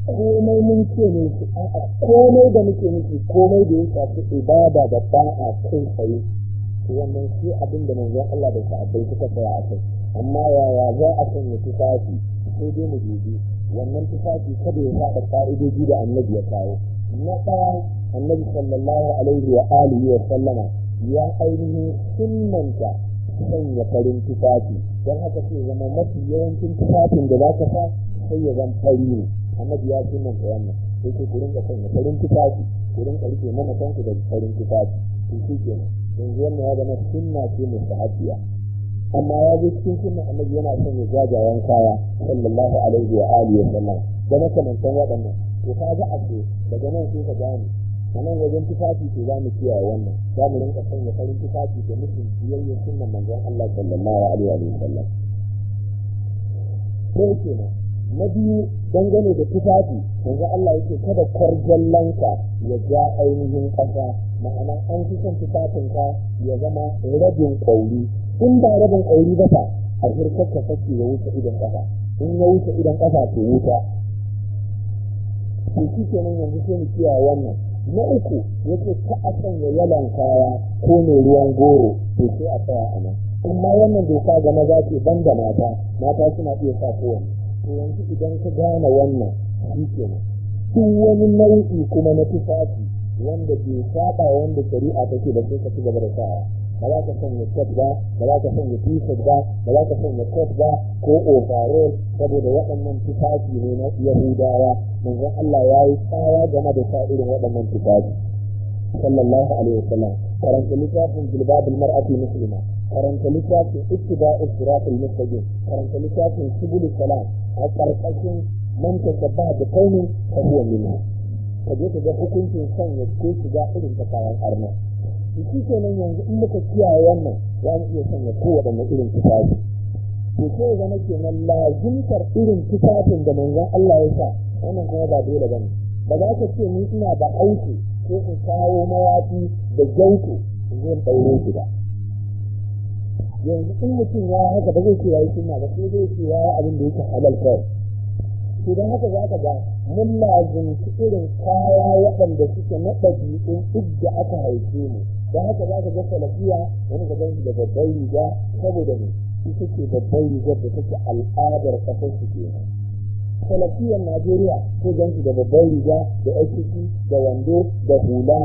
komai mun ce ne su a'a komai da muke nufi komai da ya shafi ibada da ba'a kai tsaye wannan shi abin da manzon Allah da sahabbai suka tsaya a kai amma yaya za a sanya tufafi sai dai mu dubi wannan tufafi kada ya saba ka'idoji da annabi ya kawo na ɗaya annabi sallallahu alaihi wa alihi wa sallama ya ainihin sunanta sanya farin tufafi don haka sai zama mafi yawancin tufafin da za ka sa sai ya zama fari ne annabi ya sunanta wannan sai ku rinka sanya farin tufafi ku rinka rike mana kanku da farin tufafi to shi kenan yanzu wannan ya zama sunna ce mustahabiya amma ya zo cikin sunna annabi yana son ya jajayen kaya sallallahu alaihi wa alihi wa sallam da makamantan waɗannan ko ka ga abu daga nan sai ka gane a nan wajen tufafi ke za mu kiyaye wannan za mu rinka sanya farin tufafi da mutum biyayyen sunan manzon Allah sallallahu alaihi wa sallam sai kenan na biyu dangane da tufafi yanzu Allah yake kada kwarjallanka ya ja ainihin ƙasa ma'ana an fi son tufafinka ya zama rabin ƙauri in ba rabin ƙauri ba ta a hirkar ka sake ya wuce idan ƙasa in ya wuce idan ƙasa to wuta to shi nan yanzu sai mu kiyaye wannan na uku yake ta a sanya yalan kaya ko mai ruwan goro to sai a tsaya a nan amma wannan doka ga maza ce ban da mata mata suna iya sa kowanne to yanzu idan ka gane wannan shi nan. duk wani nau'i kuma na tufafi wanda bai saba wanda shari'a take da sai ka ci gaba da sa'a ba za ka sanya cap ba ba za ka sanya t-shirt ba ba za ka sanya coat ba ko overall saboda waɗannan tufafi ne na yahudawa manzon Allah ya yi tsara game da sa irin waɗannan tufafi sallallahu alaihi wasallam karanta littafin jilbabul mar'ati muslima karanta littafin ittiba'u siratal mustaqim karanta littafin subul salam a karkashin man tasabbaha da qaumin fa huwa ka je ka ga hukuncin sanya ko shiga irin ta kayan arna to shi kenan yanzu in muka kiyaye wannan za mu iya sanya kowaɗanne irin tufafi to sai zama kenan lazimtar irin tufafin da manzon Allah ya sa wannan kuma ba dole ne? ba za ka ce ni ina da aiki ko in kawo mayafi da jauke zan ɗaure shi ba yanzu in mutum ya haka ba zai ce yayi sunna ba sai zai ce yayi abin da yake halal kai to don haka za ka ga mun lazimci irin kaya waɗanda suke na ɗabi'un idda aka haife mu don haka za ka ga salafiya wani ga gansu da babbar riga saboda ne shi suke babbar rigar da take al'adar ƙasar su ke salafiyar najeriya ko gansu da babbar riga da aiki da wando da hula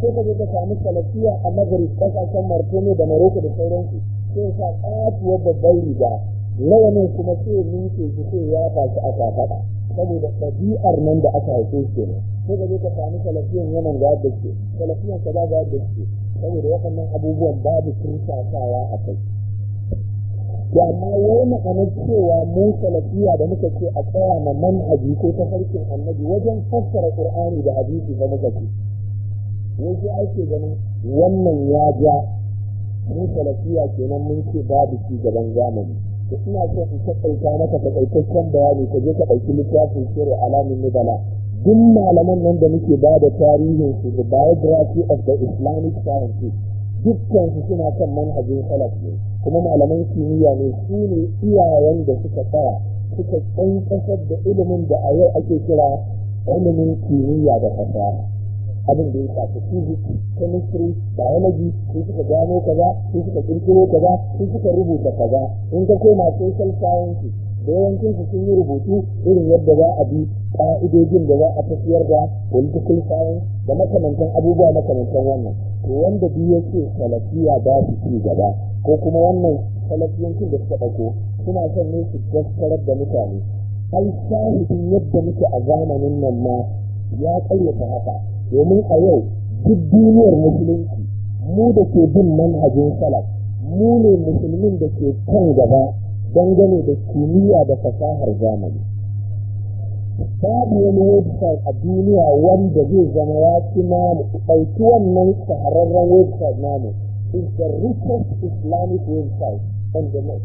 ko ka je ka sami salafiya a magrib ƙasashen martini da maroko da sauransu sai sa katuwar babbar riga rawanin kuma sai ninke su sai ya ba a kafaɗa saboda ɗabi'ar nan da aka haife su ne sai ka ka sami salafiyan yaman ga yadda ke salafiyan ka ga yadda ke saboda waɗannan abubuwan babu tursasawa a kai to amma wai ma'anar cewa mu salafiya da muka ce a tsaya na manhaji ko ta farkin annabi wajen fassara qur'ani da hadisi da muka ce wasu ake ganin wannan ya ja mu salafiya kenan mun ce babu shi gaban zamani da ina so in taƙaita maka takaitaccen bayani ka je ka ɗauki littafin shirin alamin nubala duk malaman nan da muke ba da tarihin su the biography of the islamic sciences dukkan su suna kan manhajin salaf kuma malaman kimiyya ne su ne iyayen da suka tsaya suka tsankasar da ilimin da a yau ake kira ilimin kimiyya da fasaha abin da ya shafi physics chemistry biology sun suka gano kaza sun suka kirkiro kaza sun suka rubuta kaza in ka koma social sciences da yawancin su sun yi rubutu irin yadda za a bi ka'idojin da za a tafiyar da political science da makamantan abubuwa makamantan wannan to wanda biyu ya ce salafiya ba su ci gaba ko kuma wannan salafiyancin da suka ɗauko suna son ne su gaskarar da mutane ai shahidin yadda muke a zamanin nan ma ya ƙaryata haka domin a yau duk duniyar musulunci mu da ke bin manhajin salaf mu ne musulmin da ke kan gaba dangane da kimiyya da fasahar zamani babu wani website a duniya wanda zai zama ya ci namu ɗauki wannan shahararren website namu is the richest islamic website on the net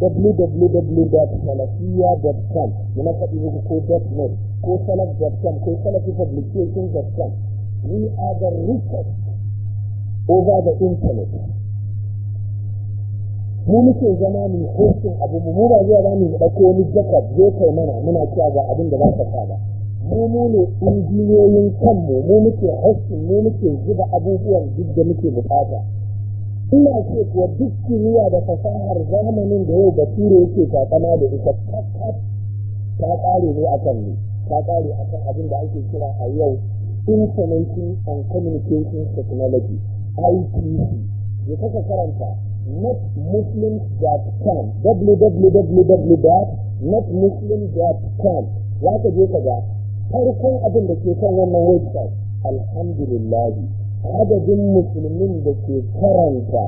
www.salafiya.com na faɗi muku ko .net ko salaf.com ko salafipublications.com we are the richest over the internet mu muke zama mu hoshin abu mu ba zai ba mu dauko wani jakat zai kai mana muna cewa ga abin da za ka sa ba mu mu ne injiniyoyin kanmu mu muke hoshin mu muke zuba abubuwan duk da muke bukata ina ce kuwa duk kimiyya da fasahar zamanin da yau bature yake takama da ita kakkat ta kare ne akan ne ta kare akan abin da ake kira a yau information and communication technology ITC ya e. kasa karanta netmuslims.com www.netmuslims.com za ka je ka ga farkon abin da ke kan wannan website alhamdulillahi adadin musulmin da ke karanta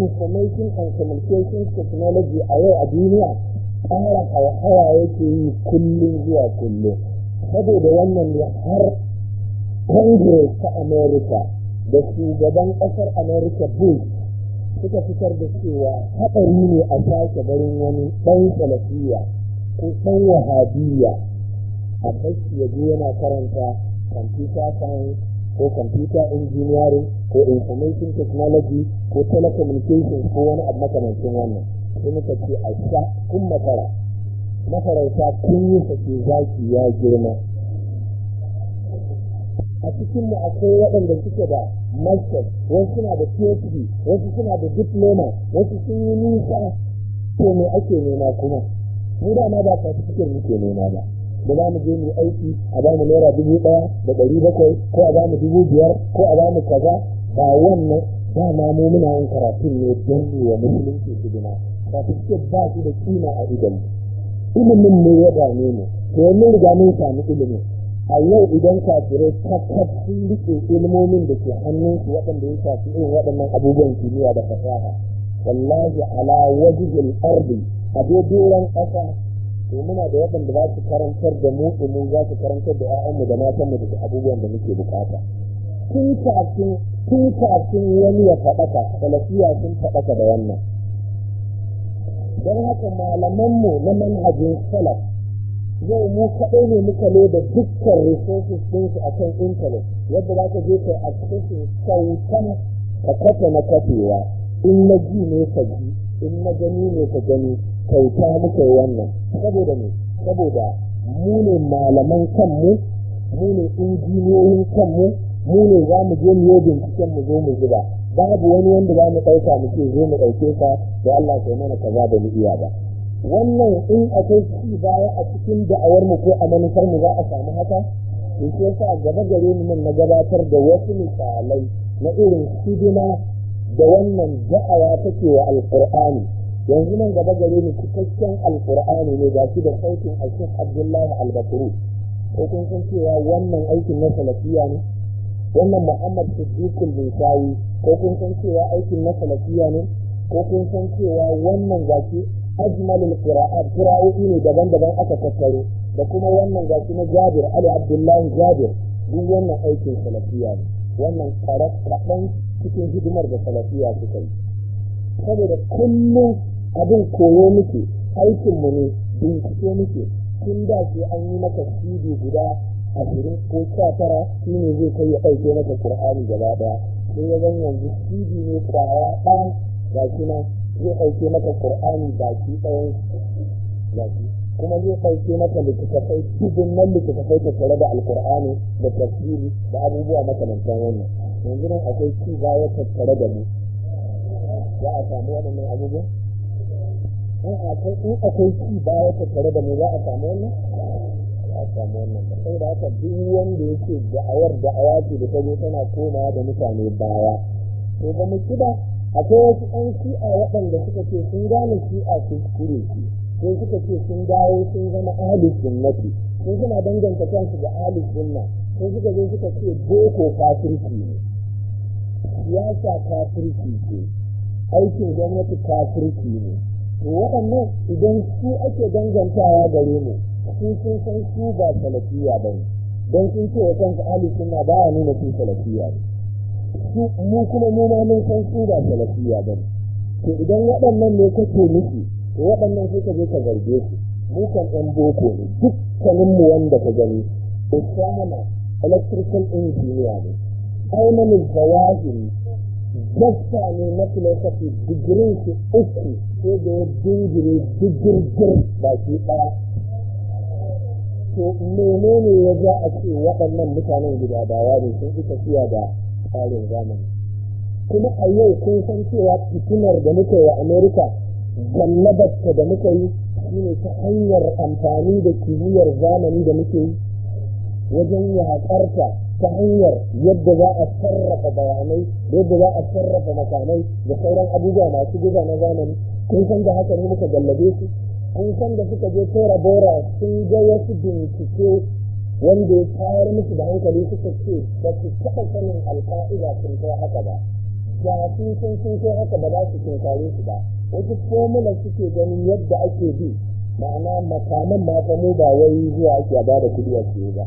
information and communication technology a yau a duniya ƙara hawa yake yi kullum zuwa kullum saboda wannan ne har congress ta america da shugaban ƙasar america bush suka fitar da cewa haɗari ne a sake barin wani ɗan salafiya ko ɗan wahabiya a kai ya yana karanta kwamfuta science ko kwamfuta engineering ko information technology ko telecommunication ko wani abu makamancin wannan sai muka ce a sha kun makara mafarauta kun yi sake zaki ya girma a cikinmu akwai waɗanda suke da master wasu suna da phd wasu suna da diploma wasu sun yi nisa to me ake nema kuma mu da ma ba cikin muke nema ba da za mu je mu aiki a ba mu naira dubu ɗaya da ɗari bakwai ko a ba mu dubu biyar ko a ba mu kaza ba wannan dama mu muna yin karatun ne don wa musulunci hidima gina ba su da kima a idan ilimin ne ya dame mu to yanzu riga mun sami ilimin a yau idan kafirai kakkat sun rike ilmomin da ke hannunsu waɗanda ya shafi irin waɗannan abubuwan kimiyya da fasaha wallahi ala wajibin ardi a dodoran ƙasa to muna da waɗanda za su karantar da mu mu za su karantar da 'ya'yanmu da matanmu da abubuwan da muke bukata tun kafin tun kafin wani ya faɗaka salafiya sun faɗaka da wannan don haka malamanmu na manhajin salaf yau mu kaɗai ne muka ne da dukkan resources ɗinsu a kan intanet yadda za ka je ka a cikin sautan ka kafa na kafewa in na ji ne ka ji in na gani ne ka gani kyauta muka yi wannan saboda ne saboda mu ne malaman kanmu mu ne injiniyoyin kanmu mu ne za mu je mu yi binciken mu zo mu zuba babu wani wanda za mu ɗauka mu ce zo mu ɗauke ka da Allah kai mana kaza da mu iya ba wannan in akwai ci baya a cikin da'awar mu ko a manufar mu za a samu haka in ce sa gaba gare mu na gabatar da wasu misalai na irin hidima da wannan da'awa take wa alqur'ani yanzu nan gaba gare mu cikakken alqur'ani ne ga shi da sautin alshekh abdullahi albakuru ko kun san cewa wannan aikin na salafiya ne wannan muhammad siddiqul bisawi ko kun san cewa aikin na salafiya ne ko kun san cewa wannan gashi ajmalul qira'at qira'o'i ne daban-daban aka tattaro da kuma wannan gashi na Jabir Ali Abdullahi Jabir duk wannan aikin salafiya ne wannan kaɗan cikin hidimar da salafiya suka yi saboda kullum abin koyo muke aikinmu ne bincike muke tun da sai an yi maka cd guda ashirin ko sha tara shi ne zai kai ya ɗauke maka ƙur'ani gaba ɗaya sai ya yanzu cd ne kwaya ɗaya ga shi zai ɗauke maka ƙur'ani baki ɗayan baki kuma zai ɗauke maka littattafai cikin nan littattafai ta tare da alƙur'ani da tafsiri da abubuwa makamantan wannan yanzu nan akwai ci baya tattare da mu za a samu waɗannan abubuwa eh, in akwai ci baya tattare da mu za a samu wannan a samu wannan ba sai da haka duk wanda yake da'awar da'awa ce da ta zo tana komawa da mutane baya to ba mu ci ba akwai wasu ɗan shi'a waɗanda suka ce sun gane shi'a sun kure shi sai suka ce sun dawo sun zama ahalus sunnati sun suna danganta kansu ga ahalus sunna sun suka zo suka ce boko kafirci ne siyasa kafirci ce aikin gwamnati kafirci ne to waɗannan idan su ake dangantawa gare mu sun sun san su ba salafiya ba ne don sun ce wa kansu ahalus sunna ba ya nuna sun salafiya ne mu kuma mu ma mun san su ba lafiya ba to idan waɗannan ne kake miki to waɗannan sai ka je ka zarge su mu kan ɗan boko ne dukkanin mu wanda ka gani usama electrical engineer ne ainihin zawahiri dokta ne na filosofi digirin su uku sai da ya dingire digirgir baki ɗaya to menene ya za a ce waɗannan mutanen gida da ne sun fi tafiya da tsarin zamani kuma a yau kun san cewa fitinar da muke wa amerika gannabarta da muka yi shine ta hanyar amfani da kimiyyar zamani da muke yi wajen yaƙarta ta hanyar yadda za a sarrafa bayanai yadda za a sarrafa makamai da sauran abubuwa masu guda na zamani kun san da haka ne muka gallabe su kun san da suka je tora bora sun ga wasu bincike wanda ya tayar musu da hankali suka ce ba su taɓa sanin alƙa'ida sun kai haka ba Ba sun san sun kai haka ba za su tunkare su ba wasu formula suke ganin yadda ake bi ma'ana makaman mata mu ba wai zuwa ake a bada kuɗi a ce ba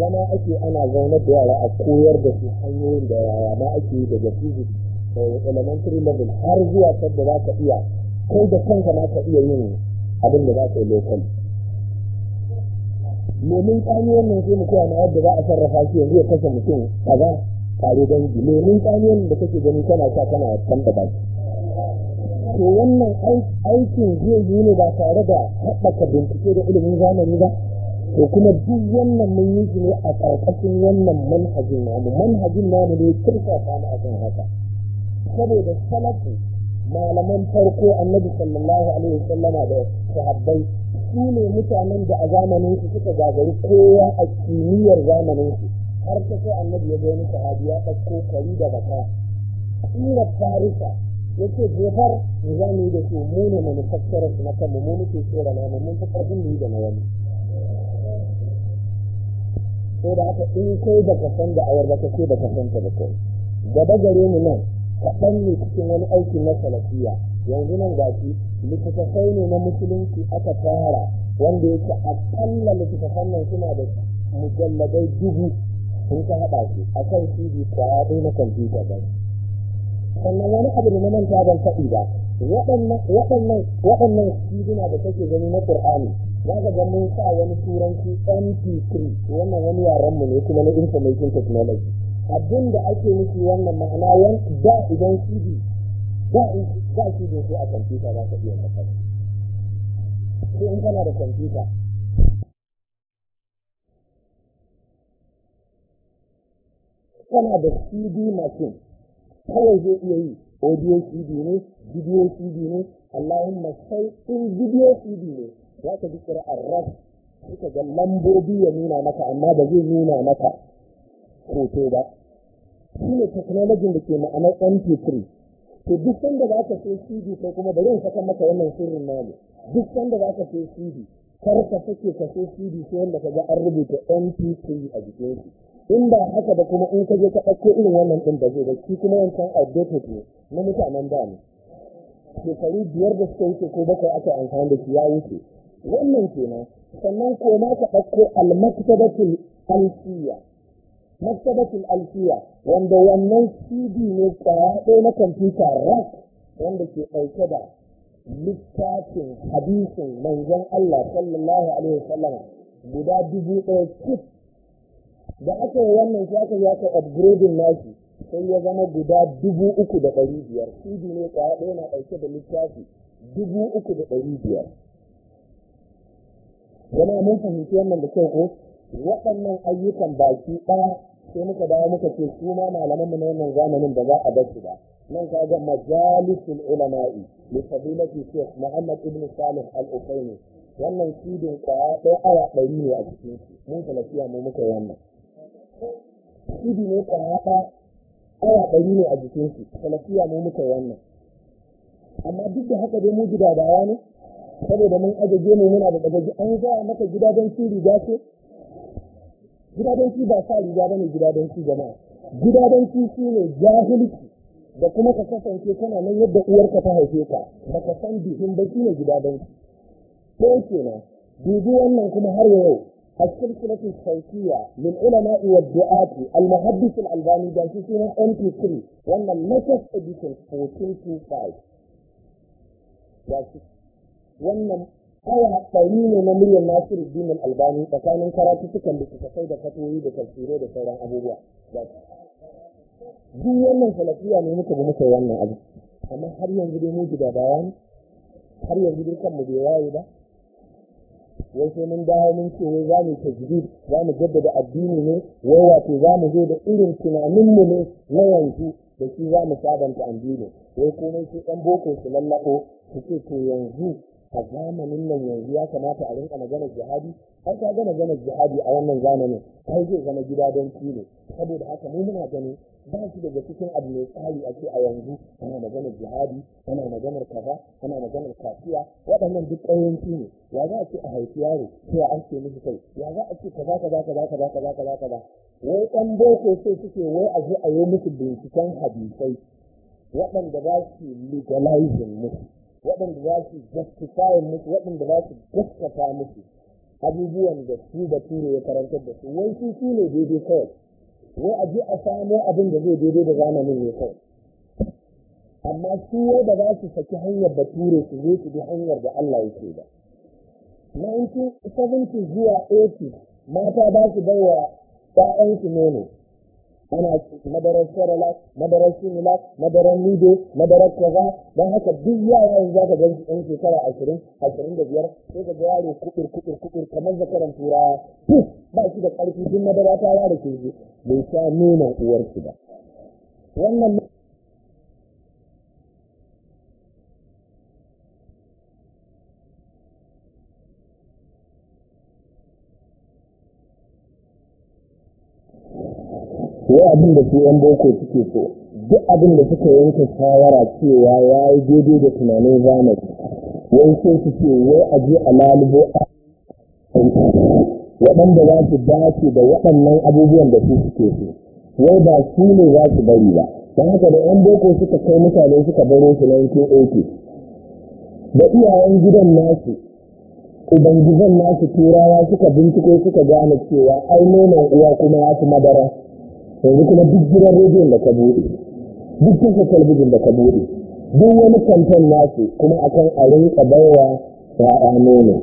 zama ake ana zaune da yara a koyar da su hanyoyin da yara ma ake yi daga physics eh, elementary level har zuwa sadda za ka iya kai da kanka ma ka iya yin abin da za ka yi lokali domin tsaniyar nan sai mu na yadda za a sarrafa shi yanzu ya kashe mutum kaza tare dangi domin tsani da kake gani kana sa kana kan da baki to wannan aikin zai yi ne ba tare da haɓaka bincike da ilimin zamani ba to kuma duk wannan mun yi shi ne a ƙarƙashin wannan manhajin namu manhajin namu ne kirka na akan haka saboda salafu malaman farko annabi sallallahu alaihi wasallama da sahabbai su ne mutanen da a zamanin su suka gagari kowa a kimiyyar zamanin su har ta sai annabi ya ga wani sahabi ya ɗauko kwari da baka tsira farisa yake jefar mu za mu yi da su mu ne manufacturer su na kan mu ke tsora na mun fi ƙarfin mu yi da na wani ko da haka in kai baka san da awar baka ce baka san ta da kai gaba gare mu nan kaɗan ne cikin wani aiki na salafiya yanzu nan shi littattafai ne na musulunci aka tara wanda yake akalla littattafan nan suna da mujalladai dubu sun ka haɗa su a kan cd kwaya ɗaya na kwamfuta ba sannan wani abu da na manta ban faɗi ba waɗannan sidina da take gani na ƙur'ani za ka ga mun sa wani turanci mp3 wannan wani yaran mu ne kuma na information technology abin da ake nufi wannan ma'ana yan da idan cd da da ko a kwamfuta za ka iya maka ko in kana da kwamfuta kana da cd machine kawai zai iya yi audio cd ne video cd ne allahumma sai in video cd ne za ka bi kira rap suka ga lambobi ya nuna maka amma ba zai nuna maka hoto ba shi ne technology da ke ma'anar mp3 to duk sanda za ka sai cd ko kuma bari in saka maka wannan sirrin na ne duk sanda za ka sai cd kar ka sake ka sai cd sai wanda ka ga an rubuta mp3 a jikin shi in ba haka ba kuma in ka je ka ɗauko irin wannan ɗin ba zai ba shi kuma wancan outdated ne na mutanen da ne shekaru biyar da suka wuce ko bakwai aka amfani da shi ya wuce wannan kenan sannan ko ma ka ɗauko almaktabatul alfiya maktabatul alfiya wanda wannan cd ne kwaya na kwamfuta rak wanda ke ɗauke da littafin hadisin manzon Allah sallallahu alaihi wasallam guda dubu ɗaya cif da aka yi wannan shi aka yi aka upgrading nashi sai ya zama guda dubu uku da ɗari biyar cd ne kwaya ɗaya na ɗauke da littafi dubu uku da ɗari biyar. Yana mun fahimci wannan da kyau ko? waɗannan ayyukan baki ɗaya sai muka dawo muka ce su ma malamanmu na wannan zamanin ba za a bar su ba nan ka ga majalisul ulama'i li fadilati shaykh Muhammad ibn Salih al-Ukaini wannan cibin kwaya ɗaya awa ɗari ne a cikin su. mun talafiya mu muka wannan cibi ne kwaya ɗaya awa ɗari ne a jikin su talafiya mu muka wannan amma duk da haka dai mu gidadawa ne saboda mun aje mu muna da ɗagaji an gaya maka gida don cin gidadanci ba sa riga ba ne gidadanci jama'a gidadanci ne jahilci da kuma ka kasance kana nan yadda uwarka ta haife ka ba ka san bihin ba shine gidadanci ko kenan dubi wannan kuma har yau ulama iya للعلماء والدعاة albani da ده sunan MP3 wannan النشر edition 1425 wannan ayyana ɗari ne na muryar nasiru dinin albani tsakanin karatu sukan sai da fatoyi da tafsirai da sauran abubuwa duk wannan salafiya ne muka bi muka yi wannan abu amma har yanzu dai mu gida bayan har yanzu dai kanmu bai waye ba wai sai mun dawo mun ce wai zamu tajdid zamu jaddada addini ne wai wato zamu zo da irin tunaninmu ne na yanzu da shi za mu sabanta addini wai komai sai ɗan boko su lallako su ce to yanzu a zamanin nan yanzu ya kamata a rinka magana jihadi har ka gana gana jihadi a wannan zamanin kai zai zama gida don ne saboda haka mu muna gani ba shi daga cikin abu mai tsari a ce a yanzu ana magana jihadi ana maganar kaza ana maganar kafiya waɗannan duk ƙauyanci ne ya za a ce a haifi yaro sai an ce mishi kai ya za a ce kaza kaza kaza kaza kaza kaza kaza wai ɗan boko sai suke wai a je a yi musu binciken hadisai waɗanda za su legalizing musu waɗanda za su gaskata musu waɗanda za su gaskata musu abubuwan da su da ture ya karantar da su wai su su ne daidai kawai wai a je a samo abin da zai daidai da zamanin ne kawai amma su wai da za su saki hanyar da bature su zai su bi hanyar da Allah ya yake ba 1970 zuwa 80 mata ba su bai wa 'ya'yansu nono ana madarar sarala madarar sinila madarar nido madarar kaza don haka duk yaran za ka gan 'yan shekara ashirin ashirin da biyar sai ka ga yaro kukur kukur kukur kamar zakaran turawa ba shi da ƙarfi duk madara ta yara ke bai sha uwar uwarsu ba wannan koyi abin da su yan boko suke so duk abin da suka yanke shawara cewa ya yi daidai da tunanin zamani wai sai su ce wai a je a lalubo a waɗanda za su dace da waɗannan abubuwan da su suke so wai ba su ne za su bari ba ta haka da yan boko suka kai mutane suka baro su oke da iyayen gidan nasu ubangizan nasu turawa suka binciko suka gane cewa ai nonon uwa kuma ya fi madara yanzu kuma duk gidan rediyon da ka buɗe duk kasa talbijin da ka buɗe duk wani kanton nasu kuma akan a rinka baiwa ya'ya nono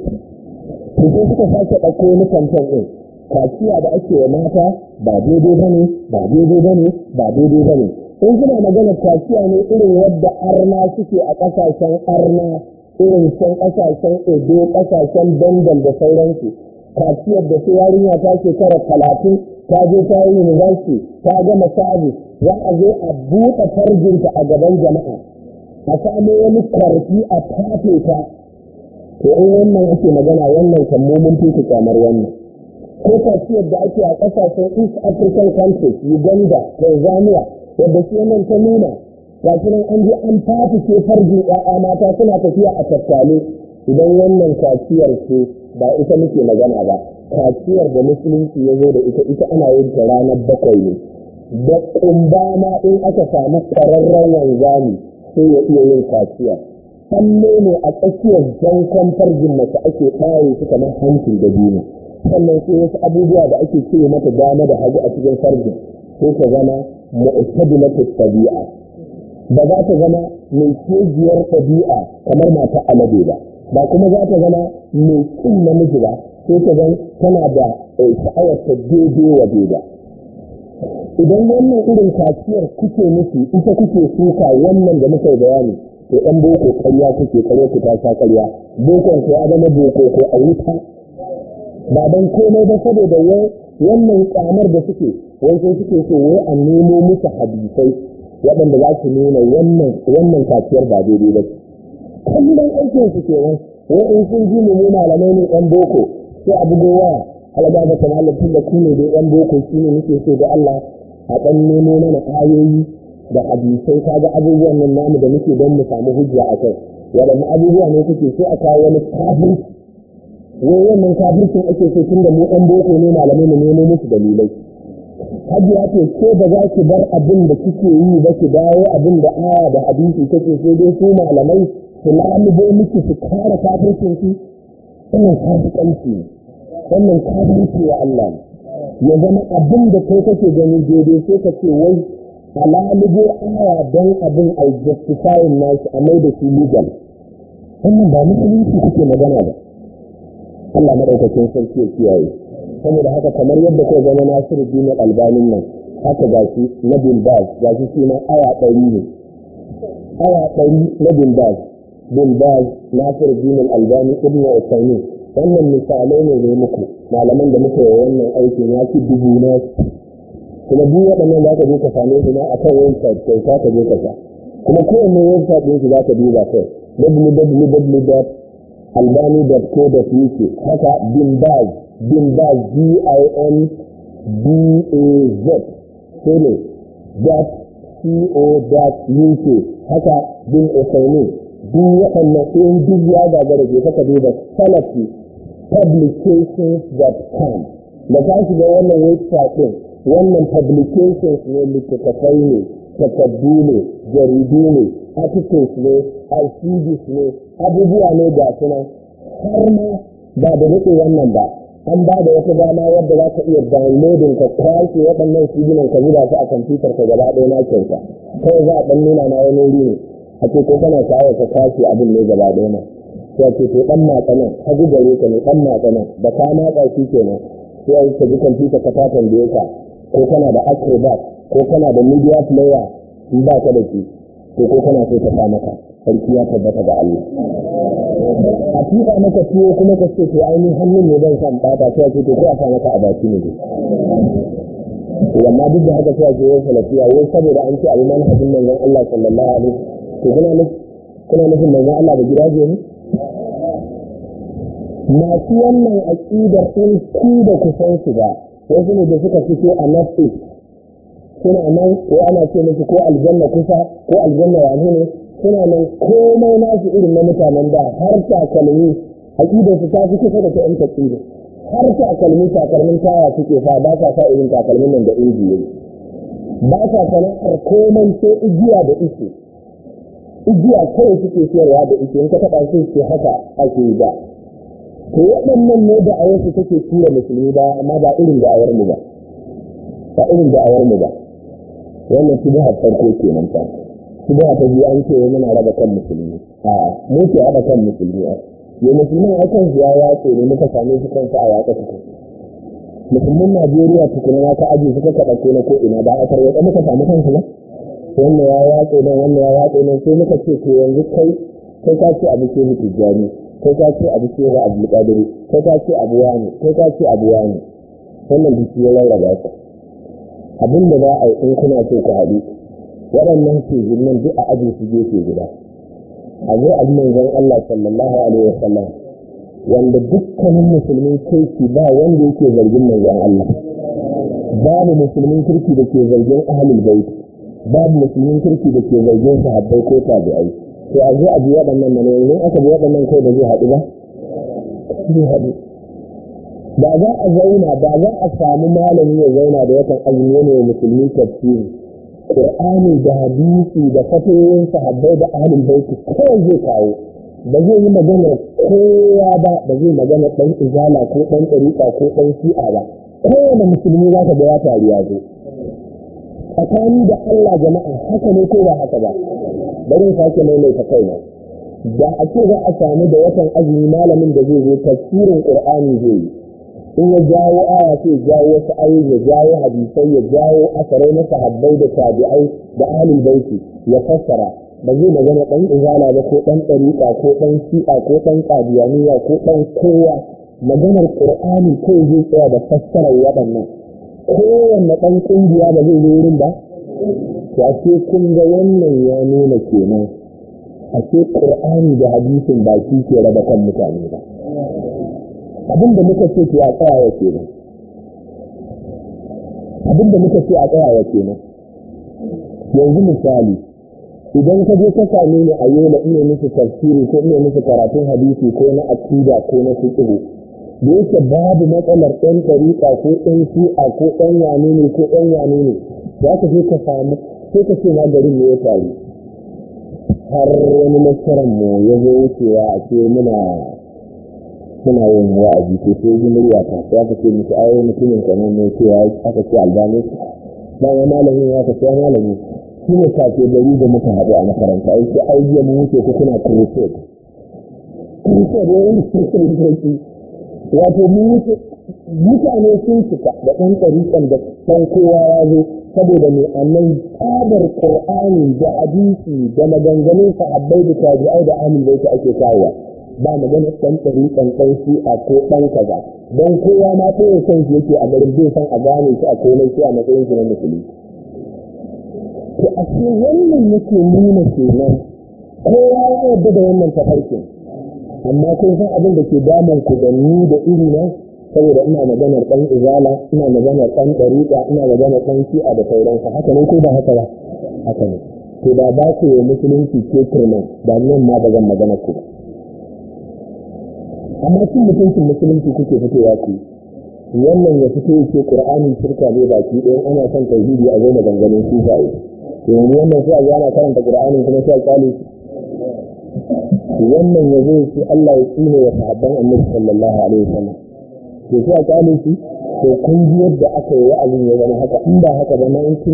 to sai suka sake ɗauko wani kanton ɗin kaciya da ake wa mata ba daidai ba ne ba daidai ba ne ba daidai ba ne in kuna magana kaciya ne irin wadda arna suke a ƙasashen arna irin can ƙasashen edo ƙasashen dandal da sauransu kaciyar da su yarinya ta shekara talatin ta je ta yi university ta gama sa'adu za a zo a buɗe farjinta a gaban jama'a a samu wani karfi a tafe ta to in wannan ake magana wannan kan momin tuku kamar wannan ko kaciyar da ake a ƙasashen east african countries uganda tanzania yadda su nan ta nuna ga nan an je an tafi ke farjin ƴaƴa mata suna tafiya a tattale idan wannan kaciyar ce ba ita muke magana ba kaciyar da musulunci ya zo da ita ita ana yin ta ranar bakwai ne da kumba ma in aka samu ƙararren wanzami sai ya iya yin kaciya sanne ne a tsakiyar jan farjin mace ake ɓare su kamar hancin da biyu sannan sai wasu abubuwa da ake ce mata dama da hagu a cikin farjin sai ta zama mu'tadilatu tabi'a ba za ta zama mai kejiyar tabi'a kamar mata alade ba ba kuma za ta zama mai cin namiji ba sai ka tana da eh, sha'awar ta dogo wa dogo idan wannan irin kaciyar kuke nufi ita kuke suka wannan da muka bayani to ɗan boko karya kuke karya ku ta sha karya bokon ko adama boko ko a wuta ba dan komai ba saboda wannan kamar da suke wai sai suke so wai a nemo musu hadisai waɗanda za su nuna wannan kaciyar ba daidai ba kullum aikin su ke wai in sun ji mu malamai ne ɗan boko sai a bugo waya alaga da kamar Allah tunda ku ne da yan boko shi ne nake so ga Allah a dan nemo mana ayoyi da hadisai kaga abubuwan nan namu da muke don mu samu hujja a kai wadannan abubuwa ne kuke so a kawo wani kafir? wai wannan kafircin ake so da mu yan boko ne malamai mu nemo musu dalilai hajji ya ce ko ba za ki bar abin da kike yi ba ki dawo abin da aya da hadisi kake so dai su malamai su lalubo miki su kare kafircin ki wannan sannan ka wannan ce wa Allah ya zama abin da kai kake ganin daidai sai ka ce wai alalibo aya don abin a justifying nashi a mai da shi legal wannan ba musulunci kuke magana ba Allah maɗaukacin sarki ya kiyaye saboda haka kamar yadda kai zama nasiru dinar albanin nan haka ga shi na bin ga shi shi ma aya ɗari ne aya ɗari na bin bin baz na firgin al-albani ibn usaymin wannan misalai ne ne muku malaman da muke wannan aiki ya ci dubu na kuma duk waɗannan za ka je ka same su na akan website sai ka ka je ka sa kuma kowanne website ɗin su za ka duba kai www.albani.co.uk haka bin baz bin baz b i n b a z sai ne dot co dot uk haka bin usaymin sun waɗannan in duk ya gagara ke saka duba salafi publications.com da ta shiga wannan website ɗin wannan publications ne littattafai ne takaddu ne jaridu ne articles ne alcidis ne abubuwa ne ga sunan har ma ba da rike wannan ba an ba da wata dama yadda za ka iya downloading ka kwashe waɗannan sigunan ka zuba su a kwamfutar ka gaba ɗaya na kyauta kawai za a ɗan nuna na wani wuri ne a ce ko kana kawo ka abin ne gaba da yana sai ce ko dan matsalan ka gugare ka ne dan matsalan da ka matsa shi kenan sai ka ji fita ka fatan da yaka ko kana da acrobat ko kana da media player in ba ka da shi to ko kana so ka fama ka. sarki ya tabbata ga Allah a tuka maka ciwo kuma ka ce to ainihin hannun ne zan san bata sai ce to ko a fama ka a baki ne to amma duk da haka sai ce yau salafiya yau saboda an ci abin manhajin manzon Allah sallallahu alaihi to kuna nufin kuna nufin manzo Allah da gidaje ne masu wannan aƙidar in ku da kusan su ba wasu ne da suka fito a nafi suna nan ko ana ce musu ko aljanna kusa ko aljanna wani ne suna nan komai nasu irin na mutanen da har takalmi aƙidar su ta fi kusa da ta yan taƙidar har takalmi takalmin taya suke sa ba sa sa irin takalmin nan da injiyoyi ba sa sana'ar komai sai igiya da isu igiya kawai suke siyarwa da ita in ka taɓa su su haka ake yi ba to waɗannan ne da ayarsu take tura musulmi ba amma ba irin da ayar mu ba ba irin da ayar mu ba wannan shi ba farko kenan ta shi ba ta biyu an ce muna raba kan musulmi a mu ke raba kan musulmi a ne musulmi a kan ya ce ne muka same su kansu a yaƙa su musulmin najeriya tukuna na aji suka kaɗa ko na ko ina ba a tarwata muka samu kansu ba wanda ya watsa nan wanda ya watsa nan sai muka ce ko yanzu kai kai ka ce abu ke mutu jani kai ka ce abu ke ga abu kadiri kai ka ce abu wani kai ka ce abu wani wannan biki ya rarraba ka abin da za a yi in kuna so ku haɗu waɗannan ke nan duk a ajin su gefe guda a zo a manzon Allah sallallahu alaihi wasallam wanda dukkanin musulmin kirki ba wanda yake zargin manzon Allah babu musulmin kirki da ke zargin ahlul bait babu musulmin kirki da ke zargin sahabbai ko ai to a zo a bi waɗannan mana yanzu aka bi nan kai da zai haɗu ba ba za a zauna ba za a samu malami ya zauna da watan azumi ne musulmi tafsiri qur'ani da hadisi da fatoyin sahabbai da ahlul bait kawai zai kawo ba zai yi magana kowa ba ba zai magana ɗan izala ko ɗan ɗariƙa ko ɗan shi'a ba da musulmi za ka ga ya taru ya zo tsakani da Allah jama'a haka ne ko ba haka ba bari sake kai ne da a ce za a samu da watan azumi malamin da zai zo tafsirin qur'ani zai yi in ya jawo aya ce jawo wasu ayoyi ya jawo hadisai ya jawo asarai na sahabbai da tabi'ai da ahalin bauti ya fassara ba zai magana dan izala ba ko ɗan ɗariƙa ko ɗan shi'a ko ɗan qadiyaniya ko ɗan kowa maganar qur'ani ko zai tsaya da fassarar waɗannan kowane ɗan ƙungiya ba zai zo wurin ba to ce kun ga wannan ya nuna kenan a ce ƙur'ani da hadisin ba shi ke raba kan mutane ba abin da muka ce ke a tsayawa kenan abin muka ce a kenan yanzu misali idan ka je ka same ni a yola ina musu tafsiri ko ina musu karatun hadisi ko na akida ko na fiqh da yake babu matsalar ɗan ɗariƙa ko ɗan shi'a ko ɗan wane ne ko ɗan wane ne za ka je ka samu ko ka ce garin ne ya faru har wani nasarar mu ya zo wucewa a ce muna suna yin wa a jiki ko sai ji murya ta ya ka ce musu ayo mutumin kamar ne ce ya aka ce albani ba ya malamin ya ka sai malami shi ne shafe gari da muka haɗu a makaranta ai sai ai jiya mun wuce ko kuna crusade crusade ne wato mutane sun cika da ɗan ɗariƙan da ɗan kowa ya zo saboda mai annan tsabar ƙur'ani da hadisi da maganganun sahabbai da tabi'ai da amin da yake ake kawo ba magana ɗan ɗariƙan ɗan a ko ɗan kaza don kowa ma ko ya san shi yake a garin zai san a gane shi a komai shi a matsayin shi na musulmi to a ce wannan yake nuna kenan kowa ya yarda da wannan tafarkin amma kun san abin da ke damun ku da ni da iri na saboda ina maganar ɗan izala ina maganar ɗan ɗariƙa ina maganar ɗan shi'a da sauransu haka ne ko ba haka ba haka ne to da ba ku yi musulunci ke kirman da nan ma ba zan magana ku ba amma cin mutuncin musulunci kuke fitowa ku wannan ya fito yake qur'ani shirka ne baki ɗayan ana son tauhidi a zo da ganganin sufaye yanzu wannan sai a ana karanta qur'ani kuma sai a wannan ya shi Allah ya tsine wa sahabban annabi sallallahu alaihi wasallam to sai a kale shi to kun ji yadda aka yi wa'azin ya zama haka in ba haka ba ki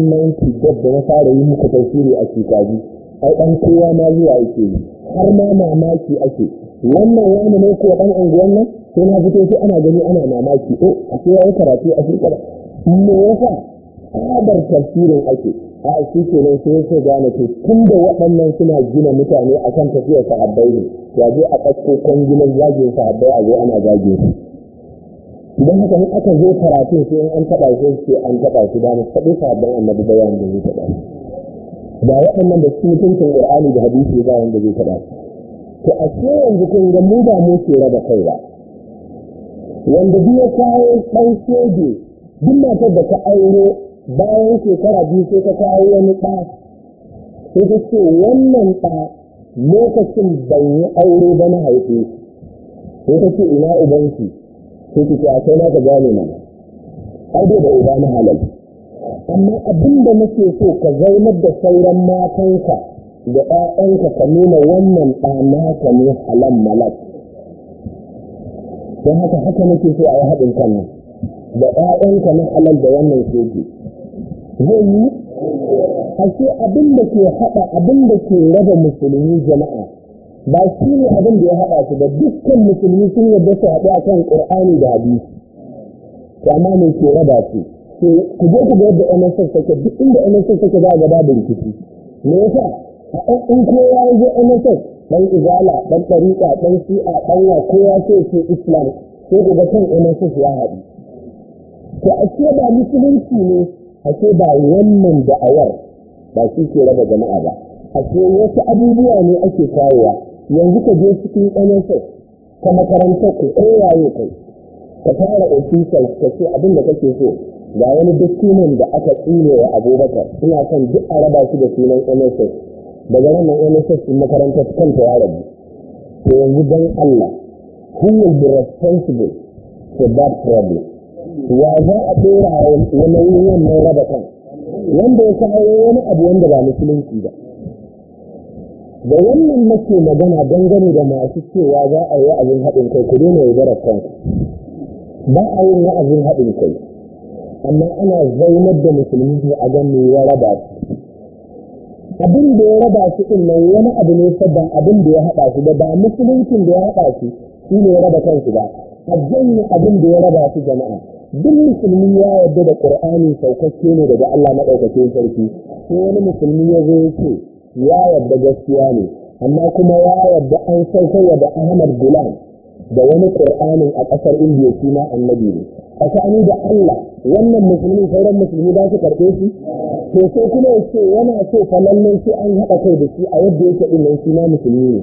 da na fara yi muku tafsiri a shekaru ai dan kowa ma zuwa yake yi har ma mamaki ake wannan wani ne ko dan unguwan nan sai na fito sai ana gani ana mamaki oh a sai ya karatu a shekara me yasa tsabar tafsirin ake ba a shi kenan sai yake gane ke tun da waɗannan suna gina mutane a akan tafiyar sahabbai ne ya je a ɗauko kwangilan zagin sahabbai a zo ana zagin su idan haka ne aka zo karatu sai an taɓa shi sai an taɓa shi da faɗi sahabban annabi da yawan da zai taɓa ba waɗannan da su mutuncin ƙur'ani da hadisi ba wanda zai taɓa to a ce yanzu kun ga mu ba mu ke raba kai ba wanda biya kayan ɗan soje duk matar da ta aure bayan shekara biyu sai ka kawo wani ɗa sai ka ce wannan ɗa lokacin ban yi aure ba na haife sai ka ce ina ubanki sai ka ce a kai na ka gane na da uba na halal amma abin da nake so ka zaunar da sauran matanka da ɗayanka ka nuna wannan ɗa naka ne halal malak don haka haka nake so a yi haɗin kan da 'ya'yanka na halal da wannan soke zai yi ake abin da ke haɗa abin da ke raba musulmi jama'a ba shi ne abin da ya haɗa su ba dukkan musulmi sun yadda su haɗu akan ƙur'ani da hadisi amma ne ke raba su ku je ku ga yadda MSF take duk inda MSF take za a ga da rikici me yasa a ɗan kowa ya je MSF ɗan izala ɗan ɗariƙa ɗan shi'a ɗan wa kowa ce ce islam sai ku ga kan MSF ya haɗu to ashe ba musulunci ne ake ba wannan da'awar ba shi ke raba jama'a ba ake wasu abubuwa ne ake kawowa yanzu ka je cikin sai ka makaranta ku kowaye kai ka fara official ka ce abin da kake so ga wani duk dokumen da aka tsine wa abubakar suna kan duk a raba shi da sunan NSS daga nan NSS din makarantar kanta ya rabu to yanzu don Allah who will be wa za a tsora wani wannan raba kan wanda ya kawo wani abu wanda ba musulunci ba da wannan nake magana dangane da masu cewa za a yi abin haɗin kai ku mai yaudarar kanku ba a wani abin haɗin kai amma ana zaunar da musulunci a gan me ya raba su abin da ya raba su din nan wani abu ne sabon abin da ya haɗa su da ba musuluncin da ya haɗa su shi ne ya raba kansu ba a janye abin da ya raba su jama'a duk musulmi ya yarda da qur'ani saukacce ne daga Allah madaukakin sarki ko wani musulmi ya zo ce ya yarda gaskiya ne amma kuma ya yarda an saukarwa da Ahmad Gulam da wani qur'anin a ƙasar Indiya shi ma annabi ne tsakani da Allah wannan musulmi sauran musulmi ba su karɓe shi to sai kuma ya ce yana so fa lallai an haɗa kai da shi a yadda yake din nan shi ma musulmi ne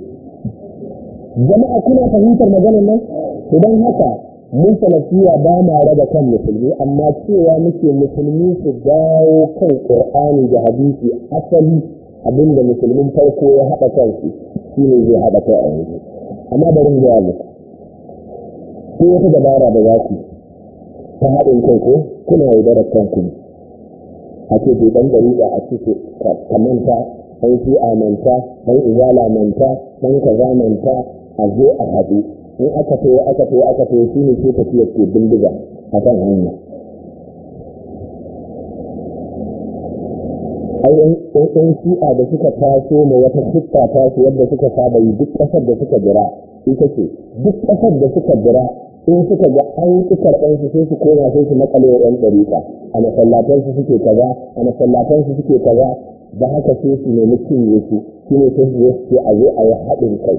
jama'a kuna fahimtar maganar nan idan haka mun salafiya ba na raba kan musulmi amma cewa muke musulmi su dawo kan ƙur'ani da hadisi asali abinda musulmin farko ya haɗa kansu shi ne zai haɗa kai a yanzu amma bari mu ga ko wata dabara da za ku ta haɗin kai ko kuna da kanku ku. a ce ke ɗan gari da a cikin kamanta ɗan shi'a manta ɗan izala manta ɗan kaza manta a zo a haɗu in aka wa aka wa aka tayo shi ne sai tafiya ke bindiga a kan hanya ayyan ɗan shi'a da suka taso ma wata siffa ta su yadda suka saba yi duk ƙasar da suka jira ita ce duk ƙasar da suka jira in suka ga an ci karɓar su sai su koma sai su makale wa 'yan ɗariƙa a masallatan su suke kaza a masallatan su suke kaza da haka sai su nemi cin yake shi ne sai su a zo a yi haɗin kai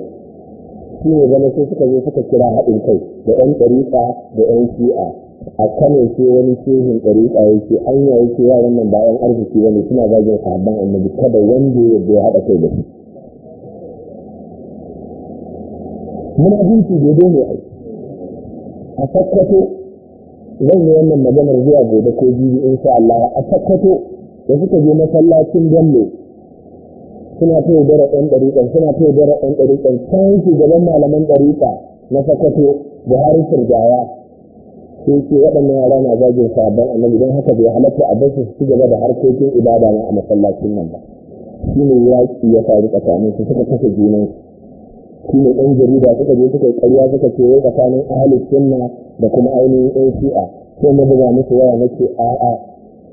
shi ne zama sai suka zo suka kira haɗin kai da 'yan ɗariƙa da 'yan shi'a a kan yake wani shehin ɗariƙa yake an yi yake yaran nan bayan arziki wani suna zagin sahabban annabi kada wanda ya yadda ya haɗa kai da su. Muna hinci gobe ne a A sakkwato zan yi wannan maganar zuwa gobe ko jibi in Allah a sakkwato da suka je masallacin Bello suna ta yaudara ɗan ɗariƙan suna ta yaudara ɗan ɗariƙan can gaban malaman ɗariƙa na sakato buhari Sirgaya. sai ce waɗannan yara na zagin sabon annabi don haka bai halatta a basu su gaba da harkokin ibada na a masallacin nan ba shi ne yaƙi ya faru tsakanin su suka kashe junan shi ne ɗan jarida suka je suka yi ƙarya suka ce wai tsakanin ahalin sunna da kuma ainihin ɗan shi'a sai na buga musu waya na ce a'a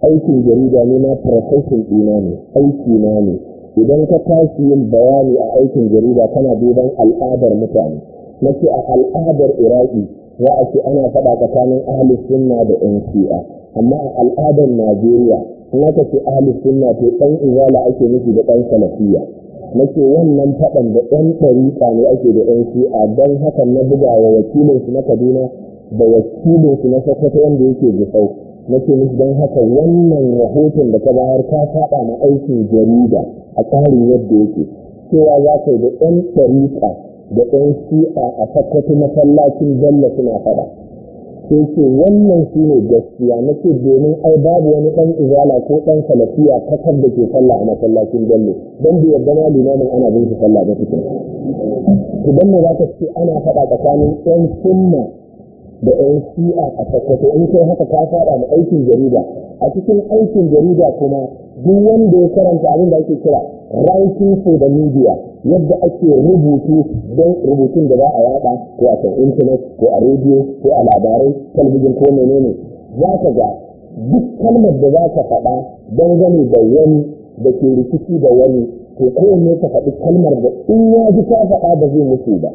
aikin jarida ne na profession ɗina ne aiki na ne idan ka tashi yin bayani a aikin jarida kana duban al'adar mutane na ce a al'adar iraki za a ce ana faɗa tsakanin ahalus sunna da yan shi'a amma a al'adar najeriya na ka ce ahalus sunna to ɗan izala ake nufi da ɗan salafiya na ce wannan faɗan da ɗan tarika ne ake da yan shi'a don haka na buga wa wakilinsu na kaduna da wakilinsu na sokoto wanda yake gusau na ce nufi don haka wannan rahoton da ka bayar ka faɗa na aikin jarida a tsarin yadda yake cewa za ka yi da ɗan ɗariƙa da ɗan shi'a a sakwati masallacin zalla suna faɗa sai ce wannan shi ne gaskiya na ce domin ai babu wani ɗan izala ko ɗan salafiya kasar da ke sallah a masallacin zalla don bai yarda na limamin ana bin shi sallah ba cikin idan ne za ka ce ana faɗa tsakanin ɗan sunna da ɗan shi'a a sakwati in kai haka ka faɗa da aikin jarida a cikin aikin jarida kuma duk wanda ya karanta abin da ake kira writing for the media yadda ake rubutu don rubutun da za a yada ko a kan intanet ko a rediyo ko a labarai talabijin ko menene za ka ga duk kalmar da za ka faɗa gani da wani da ke rikici da wani to kowanne ka faɗi kalmar da in ya ji ka faɗa ba zai mutu ba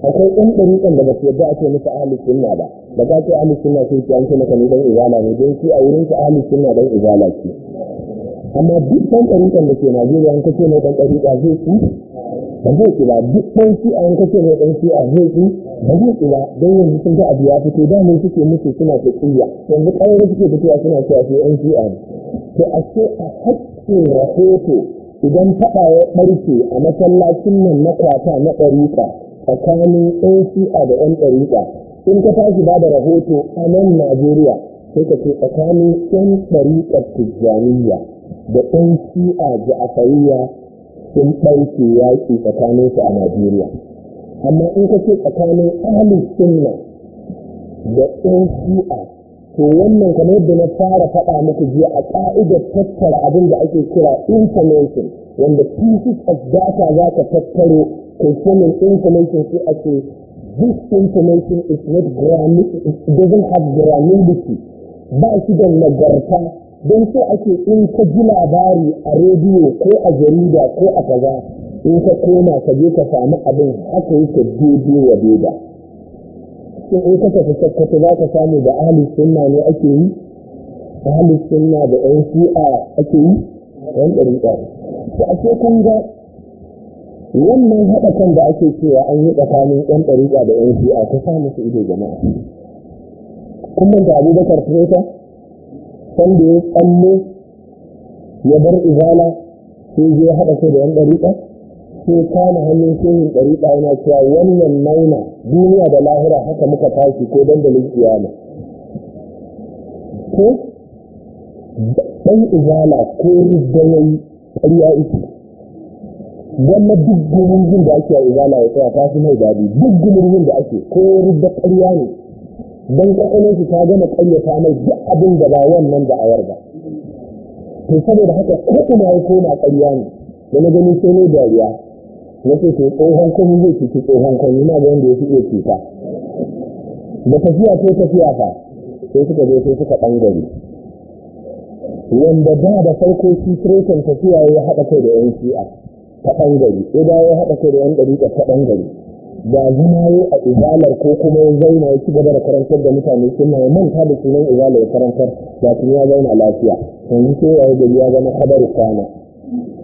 akwai ɗan ɗariƙan da basu yadda ake masa ahli sunna ba da ka ce ahli sunna sun ce an ce maka ni izala ne don shi a wurin su ahli sunna dan izala ce amma duk ɗan ɗariƙan da ke Najeriya an kace mai ɗan ɗariƙa zai ba zai duk ɗan shi an kace mai ɗan a zai ci ba zai ci ba don yanzu sun ga abu ya fito da mun suke musu suna ta tsiya yanzu suke fitowa suna cewa su ɗan ci a to a ce a haƙƙin rahoto idan faɗa ya ɓarke a masallacin nan na kwata na ɗariƙa tsakanin ɗan shi'a da ɗan ɗariƙa in ka tashi ba da rahoto a nan Najeriya sai ka ce tsakanin ɗan ɗariƙar Tijjaniya da ɗan shi'a asariya sun ɗauke yaƙi tsakaninsu a najeriya amma in ka ce tsakanin ahlus sunna da ɗan shi'a to wannan kamar yadda na fara faɗa muku jiya a ƙa'idar tattara abin da ake kira information wanda pieces of data za ka tattaro concerning information sai a ce this information is not doesn't have granularity ba shi da nagarta don so ake in ka ji labari a rediyo ko a jarida ko a kaza in ka koma ka je ka samu abin haka yake daidai wa daida shin in ka tafi sakkwato za ka samu da ahli sunna ne ake yi ahli sunna da yan shi'a ake yi yan ɗariƙa to a ce kun ga wannan haɗa kan da ake cewa an yi tsakanin yan ɗariƙa da yan shi'a ta samu su ido jama'a kun manta abubakar fureta Wanda ya tsalle ya bar izala sai je haɗa kai da yan ɗariƙa sai kama hannun shehin ɗariƙa yana cewa wannan nauna duniya da lahira haka muka tashi ko dandalin iyali ko ɗan izala ko riddayayi ƙarya ita wannan duk gurin jin da ake a izala ya tsaya ta fi mai daɗi duk gurin jin da ake ko ridda ƙarya ne don kwakwalon su ta gama ta mai duk abin da ba wannan da awar ba to saboda haka ko kuma ya koma ƙarya ne da na gani sai ne dariya na ce to tsohon kwami zai cuci tsohon kwami na ga wanda ya fi iya cuta da tafiya ko tafiya fa sai suka zo sai suka ɓangare wanda da da farko shi tafiya ya haɗa kai da yan shi'a ta ɓangare ko da ya haɗa kai da yan ɗari ta ɓangare zuma yi a izalar ko kuma ya zauna ya ci gaba da karantar da mutane suna ya manta da sunan izalar ya karantar da tun ya zauna lafiya yanzu sai ya yi ya zama kadar kwana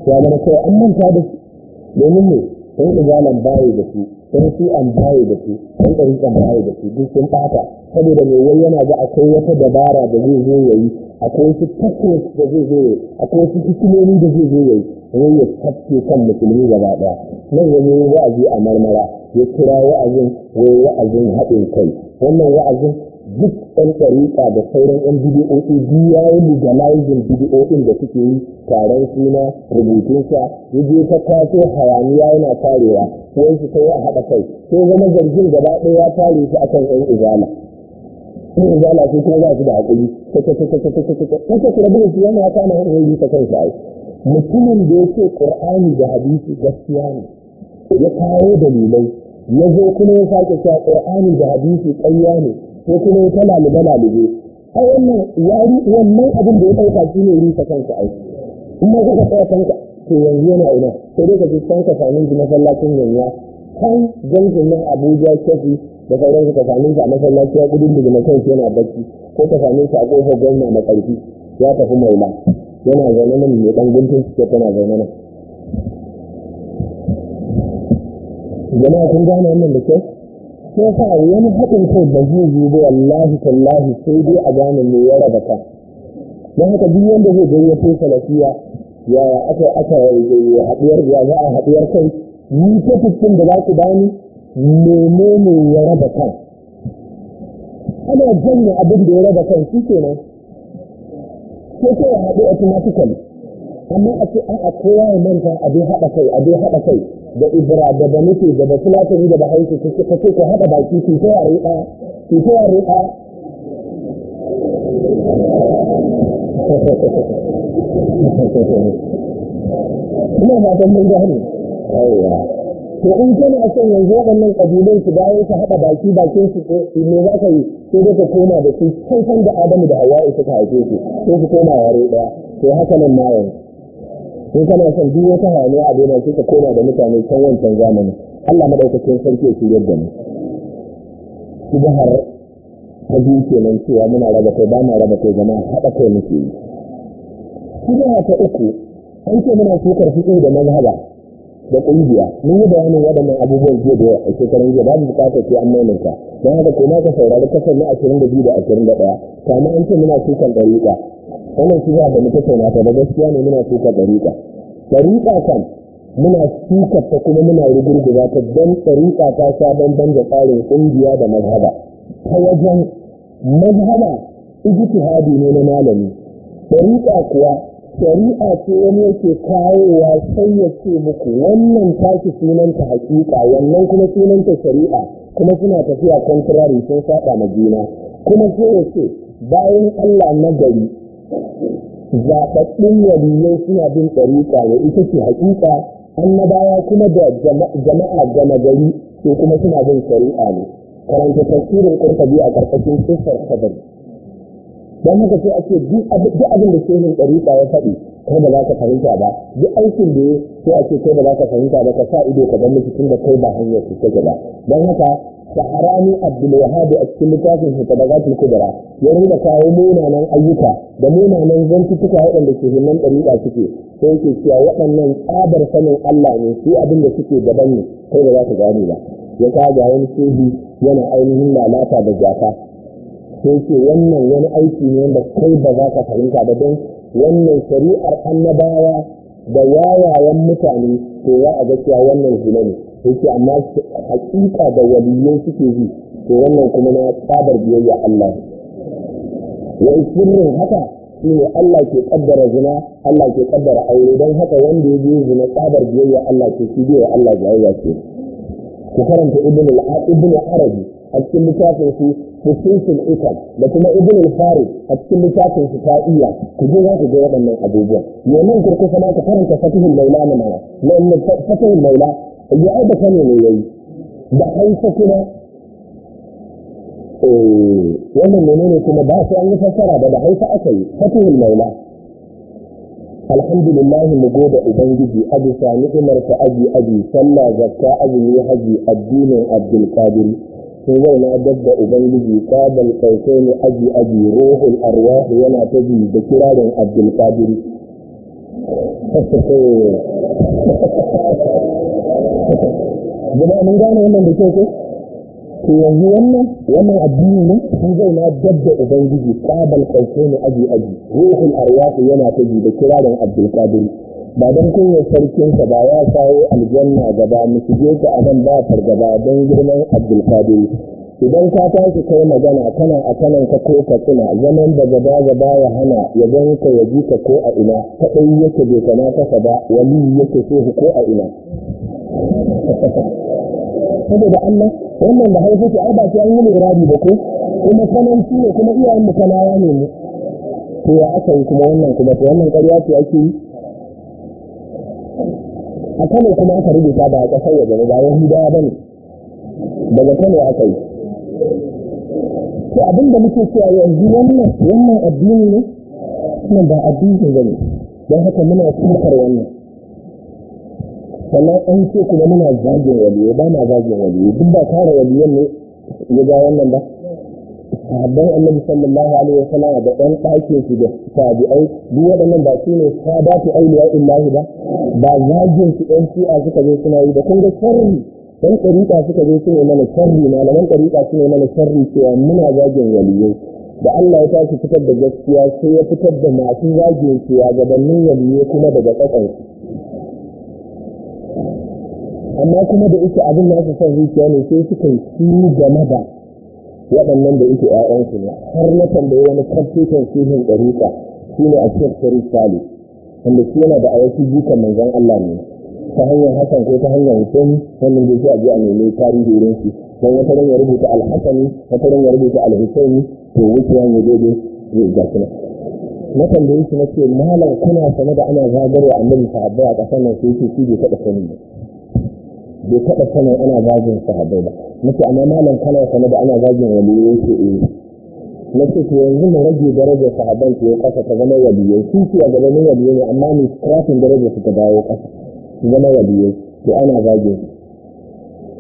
ya zama sai an manta da su domin ne sun izalar baye da su sun su an baye da su sun ɗarikan baye da su duk sun ɓata saboda mai wai yana ga akwai wata dabara da zai zo ya yi akwai wasu takwis da zai zo ya yi akwai wasu hikimomi da zai zo ya yi wai ya tafke kan musulmi gaba ɗaya nan ya zo wa'azi a marmara ya kira wa'azin wai wa'azin haɗin kai wannan wa'azin duk ɗan ɗariƙa da sauran ɗan bidiyoyi biyu ya yi legalizing bidiyoyin da suke yi taron suna rubutunsa ya je ta kaso hayaniya yana tarewa wai su sai a haɗa kai sai zama zargin gaba ɗaya ya tare su akan ɗan izala ɗan izala sai kuma za su da haƙuri kasa kira bugun su yana kama hanyar yi ta kansa mutumin da ya ce ƙur'ani da hadisi gaskiya ne ya kawo dalilai ya zo kuma ya sake cewa ƙur'ani da hadisi ƙarya ne ko kuma ya talalibe lalibe A wannan yari wannan abin da ya ɗauka shi ne rusa kanka ai in ma kuka tsaya kanka to yanzu yana ina sai dai ka ji kanka masallacin yanya kan gangan nan abuja shafi da sauran ka same shi a masallaci ya gudun da mutum yana bacci ko ka same shi a ƙofar gwamna na ƙarfi ya tafi maula yana zaune nan mai ɗan guntun shi tana zaune nan jama'a kun gane wannan da kyau sai sa wani haɗin kai ba zai yi ba wallahi tallahi sai dai a gane me ya raba ka don haka duk wanda zai gani ya salafiya ya aka aka haɗuwar ya za a haɗuwar kai ni ta fuskin da za ku bani menene ya raba ka ana janye abin da ya raba kan shi kenan sai haɗu automatically amma a ce a'a kowa ya manta abin haɗa kai abin haɗa kai da ibra da da nufi da da filatani da da haiku ka ce ku haɗa baki su ta a ɗaya ku a yare ɗaya ba fatan mun ga hannu? aiwa to in kana son yanzu waɗannan kabilan su dawo su haɗa baki bakin ko me za ka yi sai da ka koma da shi, kai san da Adamu da hawa'i suka haife su sai su koma yare ɗaya to haka nan ma yanzu in kana son duk wata hayaniya a duniya sai ka koma da mutane can wancan zamani Allah madaukakin sarki ya shigar da mu har ta biyu kenan cewa muna raba kai ba na raba kai jama'a haɗa kai muke yi subha ta uku an ce muna shukar fiƙi da mazhaba da ƙungiya mun yi bayanin waɗannan abubuwan jiya da a shekarun jiya babu buƙatar sai an maimaita don haka ko ma ka saurari kasar na ashirin da biyu da ashirin da ɗaya kama an ce muna shukar ɗariƙa wannan shi da muke tauna ta da gaskiya ne muna suka dariƙa dariƙa kan muna suka ta kuma muna rugurguza ta don dariƙa ta sha bamban da tsarin ƙungiya da mazhaba ta wajen mazhaba ijtihadi ne na malami dariƙa kuwa shari'a ce wani yake kawowa sai ya ce muku wannan tashi sunanta haƙiƙa, wannan kuma sunanta shari'a kuma suna tafiya contrary sun saba ma juna kuma sai ya ce bayan Allah na gari. zaɓaɓɓun waliyai suna bin ɗariƙa ne ita ce haƙiƙa baya kuma da jama'a gama gari ko kuma suna bin shari'a ne karanta tafsirin ƙurƙabi a ƙarƙashin siffar sabari don haka sai ake duk abin da shehin ɗariƙa ya faɗi kai ba za ka fahimta ba duk aikin da ya sai ake kai ba za ka fahimta ba ka sa ido ka ga miki tun da kai ba hanyar su ta gaba don haka shaharani abdulwahab a cikin littafin hukadagatul kubra ya rinka kawo munanan ayyuka da munanan haɗin waɗanda ke himman ɗariƙa suke sai yake cewa waɗannan tsabar sanin Allah ne su abin da suke daban ne kai ba za ka gane ba ya kada wani shehi yana ainihin lalata da jaka sai ce wannan wani aiki ne wanda kai ba za ka fahimta ba don wannan shari'ar annabawa da wawayen mutane to za a ga cewa wannan zina ne yake amma hakika da waliyyai suke yi to wannan kuma na tsabar biyayya Allah wa sirrin haka shine Allah ke kaddara zina Allah ke kaddara aure don haka wanda ya je zina tsabar biyayya Allah ke shi biyayya Allah jayayya ce ku karanta ibn al-ibn arabi a cikin littafin su fususul ita, da kuma ibn al-farid a cikin littafin su ta'iya ku je za ku ga waɗannan abubuwan yanzu kurkusa ma ka karanta fatihul maula na mana na fatihul maula ya ai da kano ne yayi da haifa kuma eh, wannan menene kuma ba sai an yi fassara da da haifa aka yi fatihul maula alhamdulillah mu goda ubangiji abu sami umar ka aji aji sallah zakka azumi haji addinin abdul qadir sai na dabba ubangiji kabal kaukai aji aji ruhul arwah yana ta da kirarin abdul qadir eh. jama'a mun gane wannan da kyau ko to yanzu wannan wannan addini ne sun zai na dabda ubangiji kabal kauce ne aji aji ruhul arwahu yana ta ji da kirarin abdul qadir ba don sarkin sarkinsa ba ya sawo aljanna gaba mu shige ka a nan ba gaba don girman abdul qadir idan ka tashi kai magana kana a kanan ka ko ka kuna zaman da gaba gaba ya hana ya gan ka ya ji ka ko a ina kadai yake bai kana kasa ba wali yake so ko a ina saboda Allah wannan da haifu ke ai ba an yi irabi ba ko kuma sanan ne kuma iyayen mu kanawa ne mu to ya aka yi kuma wannan kuma to wannan ƙarya ce ake yi a kano kuma aka rubuta ba a ƙasar waje ba ba yahudawa ba ne daga kano aka yi to abin da muke cewa yanzu wannan addini ne kuma ba addini ba ne don haka muna tsokar wannan sannan an ce kuma muna zagin waliyo ba na zagin waliyo duk ba tare waliyan ne ya ga wannan ba sahabban annabi sallallahu alaihi wasallam da ɗan ɗakin su da tabi'ai duk waɗannan ba su ne sadatu auliya illahi ba ba zagin su ɗan shi'a suka zo suna yi da kun ga sharri ɗan ɗariƙa suka zo suna mana sharri malaman ɗariƙa suna mana sharri cewa muna zagin waliyo. da Allah ya tashi fitar da gaskiya sai ya fitar da masu zagin cewa gabanin waliyo kuma daga ƙasansu amma kuma da ita abin da son zuciya ne sai suka yi su game da waɗannan da ita ‘ya'yansu ne har na tambayi wani kafin sihin ɗarika shi ne a cikin sarri sali wanda shi yana da awaki mai manzon Allah ne ta hanyar hasan ko ta hanyar hussein wannan da shi a ji a nemi tarihi irin shi don wata ran rubuta alhassani wata ran rubuta alhussein to ya ne daidai zai ga shi na tambayi shi na ce malam kuna sane da ana zagarwa annabi sahabbai a ƙasar nan sai ce shi bai taɓa sani bai taɓa sanin ana zagin sahabbai ba nake amma malam kana sanar da ana zagin waliyai yi. eh ce to yanzu mu rage darajar sahabban ke kasa ta zama waliyai su ce a gabanin waliyai ne amma ni scrapping darajar su ta dawo kasa su zama waliyai to ana zagin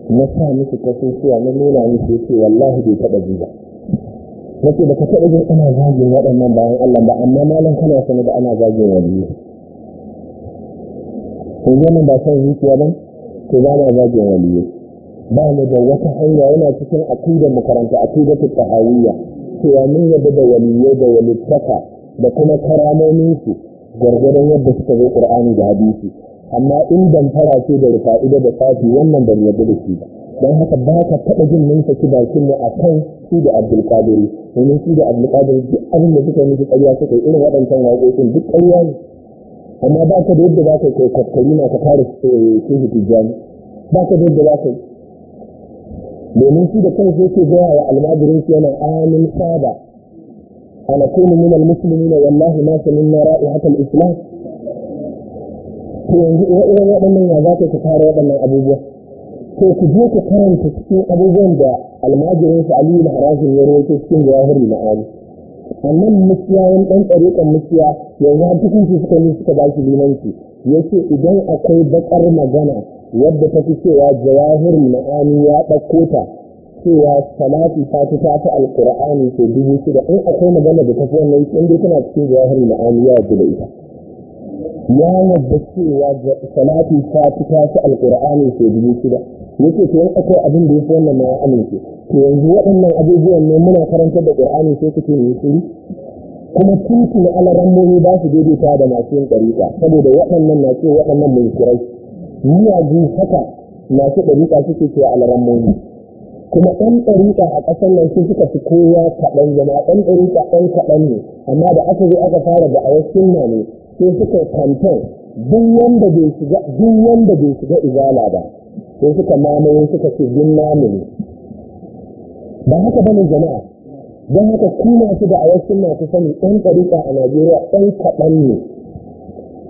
na sa musu kasusuwa na nuna musu ce, wallahi bai taɓa ji ba nake da ka taɓa ana zagin waɗannan bayan Allah ba amma malam kana sanar da ana zagin waliyai. Kun wannan ba zuciya ba ne? to ba na zagin waliyai ba mu da wata hanya yana cikin akidar makaranta ta tahawiyya cewa mun yadda da waliyai da walittaka da kuma karamomin su gargadon yadda suka zo qur'ani da hadisi amma in damfara ce da rufa'ida da safi wannan ban yadda da shi ba don haka ba ka taɓa jin mun ki bakin mu a kan su da abdulkadiri domin su da abdulkadiri duk abin da suka yi miki suka yi irin waɗancan waƙoƙin duk ƙarya amma ba ka da yadda za ka kai kwakwari na ka fara shehu tijjani ba ka da yadda za ka yi domin shi da kansa yake gaya wa almajirin su yana amin saba ana kuma musulmi na wallahi ma sami'na hakan islam to yanzu irin waɗannan ya za ka fara waɗannan abubuwa to ku je ku karanta cikin abubuwan da almajirin su aliyu na harazim ya rawaito cikin jawahiri ma'ani wannan musiya yan ɗan ɗariƙan mukiya yanzu har cikin su suka ne suka baki limanci ya ce idan akwai baƙar magana wadda ta fi cewa jawahir ma'ani ya ɗauko ta cewa salati ta fi ta fi alƙur'ani dubu shida in akwai magana da ta fi wannan yake dai tana cikin jawahir ma'ani ya da ita ya yadda cewa salati ta fi ta fi alƙur'ani dubu shida yake ke in akwai abin da ya fi wannan ya amince to yanzu waɗannan abubuwan ne muna karantar da qur'ani sai kake ne shiri? kuma tuntu na alaran mu ba su daidaita da masu yin ɗariƙa, saboda waɗannan na ce waɗannan mun kirai miyagu haka masu ɗariƙa suke ce alaran mu kuma ɗan ɗariƙa a ƙasar nan sun suka fi kowa kaɗan zama ɗan ɗariƙa ɗan kaɗan ne amma da aka zo aka fara da a wasu ne sai suka kamfen duk wanda bai shiga izala ba sai suka mamaye suka ce yin namu ne ba haka bane jama'a don haka kuma su da a sunna masu sani ɗan ɗariƙa a najeriya ɗan kaɗan ne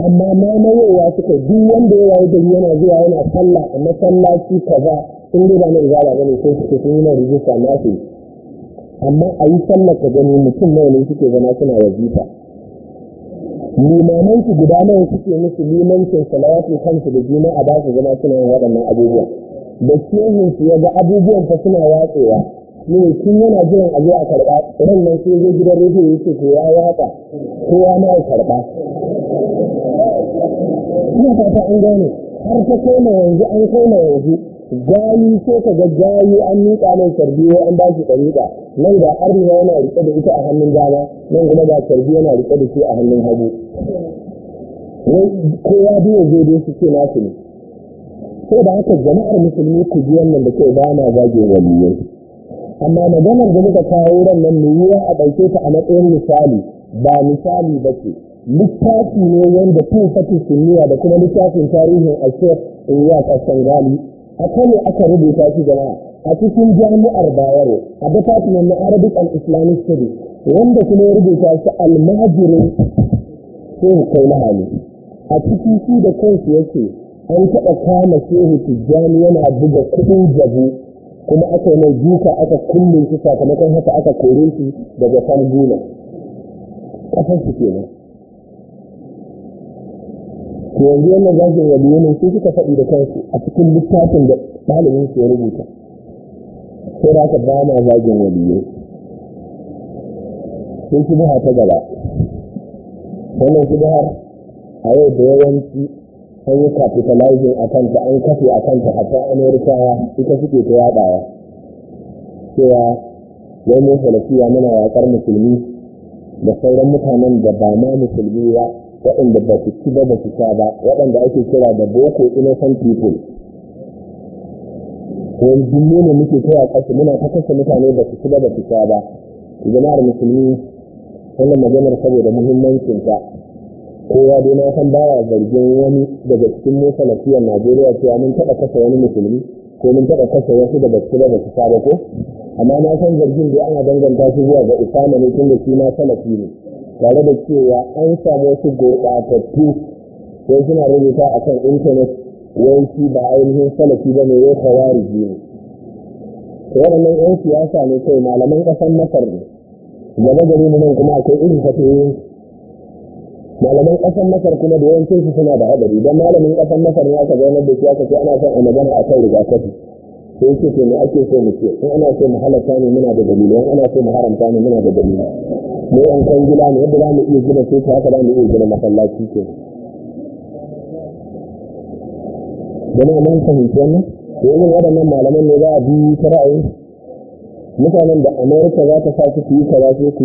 amma mamayewa suka duk wanda ya wayi gari yana zuwa yana sallah a masallaci kaza sun dai ba na ba ne sai suke sun yi na rijista na amma a yi sallah ka gani mutum nawa ne suke zama suna wajita. limaman su guda nawa suke musu limancin salawatu kansu da juna a basu zama suna yin waɗannan abubuwa da shehin su yaga abubuwan fa suna watsewa ne tun yana jiran a zo a karɓa ran nan sai zo gidan rediyo yake ko ya watsa kowa ma ya karɓa ina fata an gane har ta koma yanzu an koma yanzu gayi ko ka ga gayi an miƙa mai sarbiyo an ba shi nan da arna yana rike da ita a hannun dama nan kuma ga sarbiyo yana rike da shi a hannun hagu wai kowa biyu zai dai su ce nasu ne sai da haka jama'ar musulmi ku ji wannan da kai bana zage waliyai amma maganar da muka kawo ran nan ne yiwa a ɗauke ta a matsayin misali ba misali ba ce littafi ne wanda tun fatin sunniya da kuma littafin tarihin ashir ya kasan gali A ne aka rubuta shi jama'a a cikin jami'ar bayero a department na arabic and islamic studies wanda kuma ya rubuta shi almajirin shehu kai na hali, a cikin shi da kansu yake an taɓa kama shehu tijjani yana buga kuɗin jabu kuma aka yi mai duka aka kullum shi sakamakon haka aka kore shi daga kan gula ke nan to yanzu yana zagin rabiyu ne sai suka faɗi da kansu a cikin littafin da ɗalibin su ya rubuta sai da aka ba ma zagin rabiyu sun ci buha ta gaba wannan shubhar a yau da yawanci an yi capitalizing a kanta an kafe a kanta hatta amerikawa ita suke ta ya cewa wai mu salafiya muna yakar musulmi da sauran mutanen da ba ma musulmi ba waɗanda ba su ci ba ba su sha ba waɗanda ake kira da boko innocent people yanzu mu ne muke ta ƙasa muna ta kashe mutane ba su ci ba ba su sha ba jama'ar musulmi wannan maganar saboda muhimmancinta kowa dai na san baya zargin wani daga cikin mu salafiyar Najeriya cewa mun taɓa kasa wani musulmi ko mun taɓa kasa wasu daga cikin da su saba ko amma na san zargin da ana danganta shi zuwa ga isama ne tun da shi na salafi ne tare da cewa an samu wasu gurɓatattu sai suna rubuta a kan intanet wai shi ba ainihin salafi ba ne ya kawari ne waɗannan 'yan siyasa ne kai malaman ƙasar masar ne gaba gari mu nan kuma akwai irin fatoyin malaman ƙasar masar kuma da yawancin su suna da hadari don malamin ƙasar masar ya aka zaunar da shi aka ce ana son a magana akan rigakafi sai ce to me ake so mu ce in ana so mu halatta ne muna da dalilai in ana so mu haramta ne muna da dalilai mu an kan gida ne yadda za mu iya gina sai haka za mu iya gina masallaci ke jama'a mun fahimci wannan to yin waɗannan malaman ne za a bi ta ra'ayi mutanen da Amurka za ta sake su yi kaza ku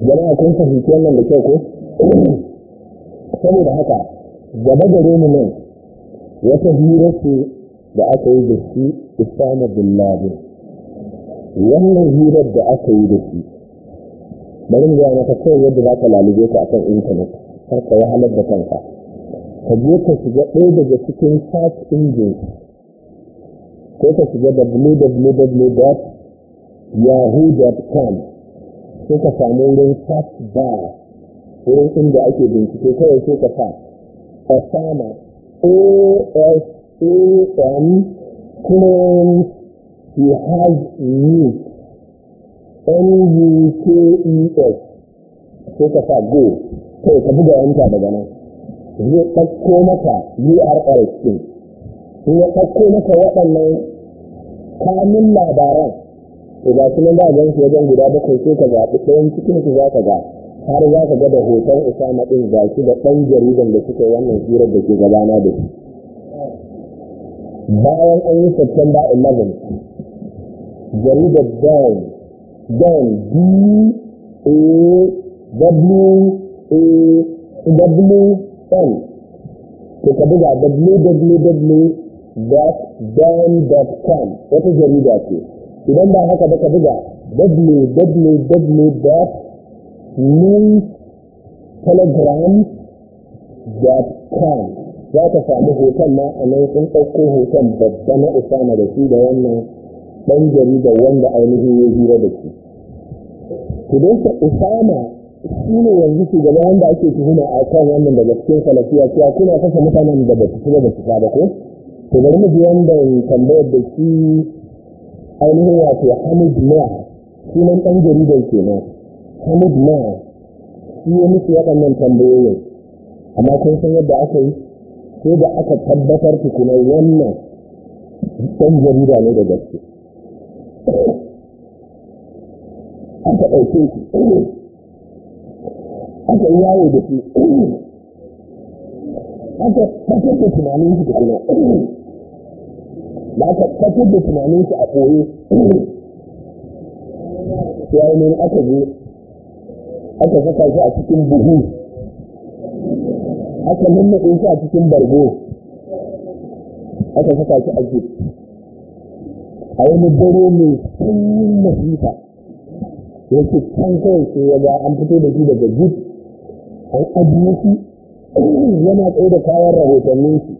yi a kun fahimci wannan da kyau ko saboda haka gaba da romu nan wata hira ce da aka yi da shi isama bin wannan hirar da aka yi da shi bari mu ga maka kai yadda za ka lalube ta akan intanet har ka wahalar da kanka ka je ka shiga ɗaya daga cikin search engines ko ka shiga www.yahoo.com ko ka samu wurin search bar wurin inda ake bincike kawai sai ka sa sama osam claims he has news nukes sai ka sa go kawai ka buga yanta daga nan zai ɗauko maka url ɗin in ya ɗauko maka waɗannan kamun labaran to ga shi nan ba gan shi wajen guda bakwai sai ka zaɓi ɗayan cikin su za ka ga har za ka ga da hoton Usama ɗin ga shi da ɗan jaridan da suka yi wannan hirar da ke gabana da shi. Bayan an yi September 11, jaridar Dawn, Dawn D A W A W N, to ka buga www www.dan.com wata jarida ce idan ba haka ba ka buga com za ta samu hoton ma a nan sun ɗauko hoton babba na usama da shi da wannan ɗan jarida wanda ainihin ya hira da shi. Kudin ka usama shi ne yanzu shugaban wanda ake tuhuma a kan wannan daga cikin salafiya cewa kuna kasa mutanen da ba su da su ba ko? to bari mu ji wannan tambayar da shi ainihin wato Hamid Mia sunan ɗan jaridar kenan Hamid Mia shi ya musu waɗannan tambayoyin amma kun san yadda aka yi sai da aka tabbatar tukuna wannan ɗan jarida ne da gaske aka ɗauke shi aka yi yawo da shi aka tabbatar da tunanin shi tukuna ba ka tafi da tunanin shi a koye ya yi nuna aka je aka saka shi a cikin buhu aka nannaɗe shi a cikin bargo aka saka shi a jiki a wani dare mai sanyin masifa yake can kawai sai ya ga an fito da shi daga jiki an ajiye shi yana tsaye da kayan rahotannin shi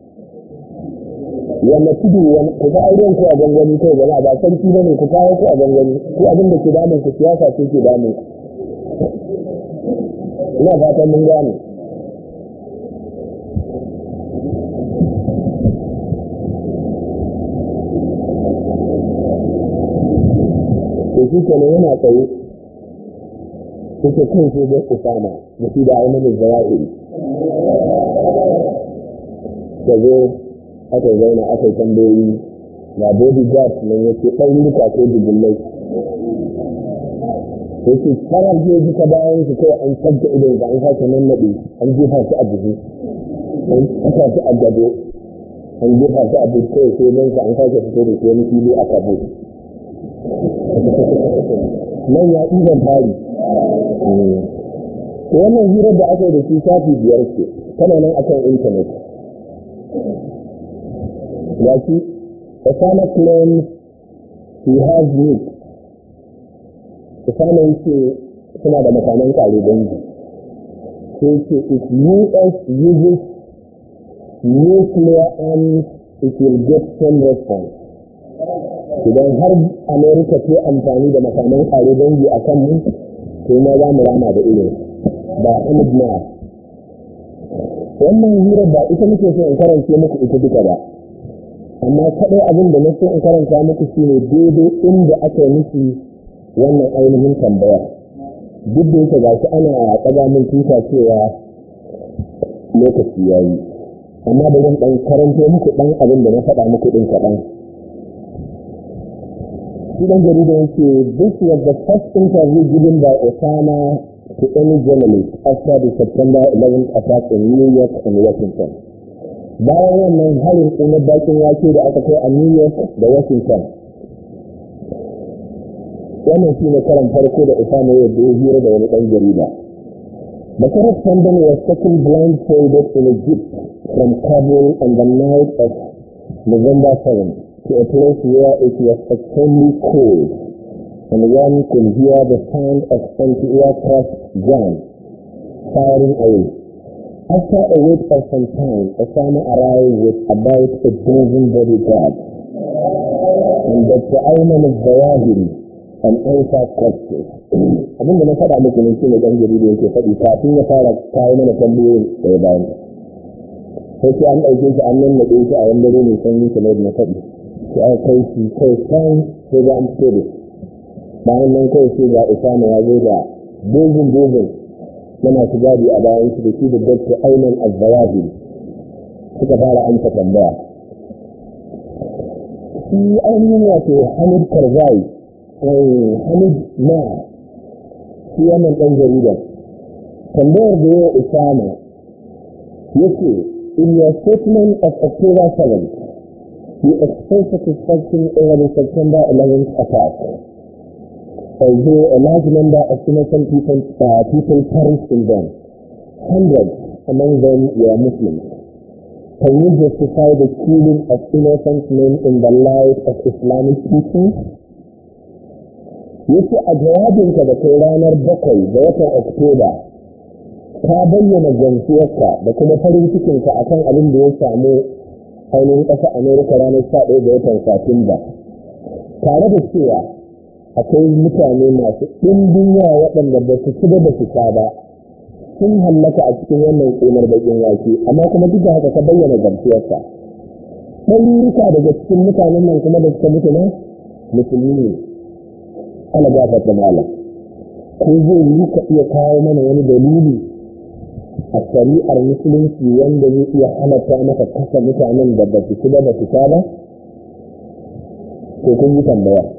wanda tudu ku ga auren ku a gangani kai jama'a ba sarki ba ne ku kawo ku a gangani ku abin da ke damun ku siyasa ce ke damun ku ina fatan mun gane ko shi kenan yana tsaye kuke kun ce da usama da shi da ainihin zawa'iri da aka zauna aka yi tambayoyi ga bodi gas nan yake ɗaururka ko dubullai sai ce zai ji ta bayan su kai an sabta idan ka an sake nan naɗe an jefa su a jiki an su a gado an jefa su a jiki kai sai don ka an sake fito da wani fili a kabo nan ya ɗiban fari wannan hirar da aka yi da shi shafi biyar ce kananan nan akan intanet Yaki, Osama claim he has nukes. Osama ce suna da makaman kare ji. Sai ce if US uses nuclear arms it will get some response. Idan har Amerika ke amfani da makaman kare ji a kan mu, to ma za mu rama da irin ba Ahmed Wannan hira ba ita muke so in karance muku ita duka ba. amma kaɗai abin da na so in karanta muku shi ne daidai inda aka nufi wannan ainihin tambaya duk da yake shi ana tsaga min tuta cewa lokaci ya yi amma da zan ɗan karanta muku ɗan abin da na faɗa muku ɗin kaɗan shi ɗan jarida yake this was the first interview given by Osama to any journalist after the September 11 attack in New York and Washington bayan wannan halin kuma bakin yake da aka kai a new york da washington wannan shi ne karan farko da mai yadda ya hira da wani ɗan jarida Bakarat Sandon was taken blindfolded in Egypt from Kabul on the night of November 7 to a place where it was extremely cold and one could hear the sound of anti-aircraft guns firing away. After a wait for some time, Osama arrived with about a dozen bodyguards. And Dr. Ayman al-Zawahiri, an answer question. Abin da na faɗa muku ne shine ɗan jaridu yake faɗi kafin ya fara kawo mana tambayoyin ɗaya bayan. Sai sai an ɗauke shi an nan da ɗauke a wanda dare mai sanyi kamar na faɗi. Sai an kai shi kai kan sai ga an fito da. Bayan nan kai sai ga Osama ya zo da dogon dogon yana su a bayan su da shi da dakta ainihin azzawahir suka fara amsa tambaya shi ainihin wato hamid karzai eh, hamid na shi wannan ɗan jaridar tambayar da ya isama ya ce in your statement of october 7th you expressed satisfaction over the september 11th attack although a large number of innocent people, uh, people perished in them, hundreds among them were Muslims. Can you justify the killing of innocent men in the light of Islamic teaching? Yake a jawabinka da kai ranar bakwai da watan Oktoba, ka bayyana gamsuwarka da kuma farin cikinka a kan abin da ya samu ainihin ƙasa Amerika ranar 11 ga watan Satumba. Tare da cewa akwai mutane masu ɗimbin yawa waɗanda ba su shiga ba su sha ba sun hallaka a cikin wannan tsenar bakin wake amma kuma duk haka ka bayyana gamsiyarsa ɗaruruka daga cikin mutanen nan kuma da suka mutu na musulmi ne ana malam ko zai yi ka iya kawo mana wani dalili a shari'ar musulunci wanda zai iya halatta maka kasa mutanen da ba su shiga ba su sha ba ko kun yi tambaya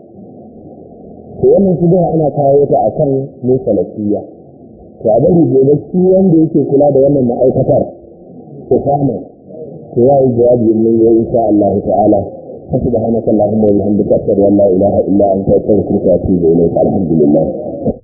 wannan shi dai ana kawo ta akan mu salafiya to a bari gobe shi wanda yake kula da wannan ma'aikatar ko kama ko ya yi jawabi in mun yi insha Allah ta'ala subhanaka allahumma wa bihamdika ashhadu an la ilaha illa anta astaghfiruka wa atubu ilayk alhamdulillah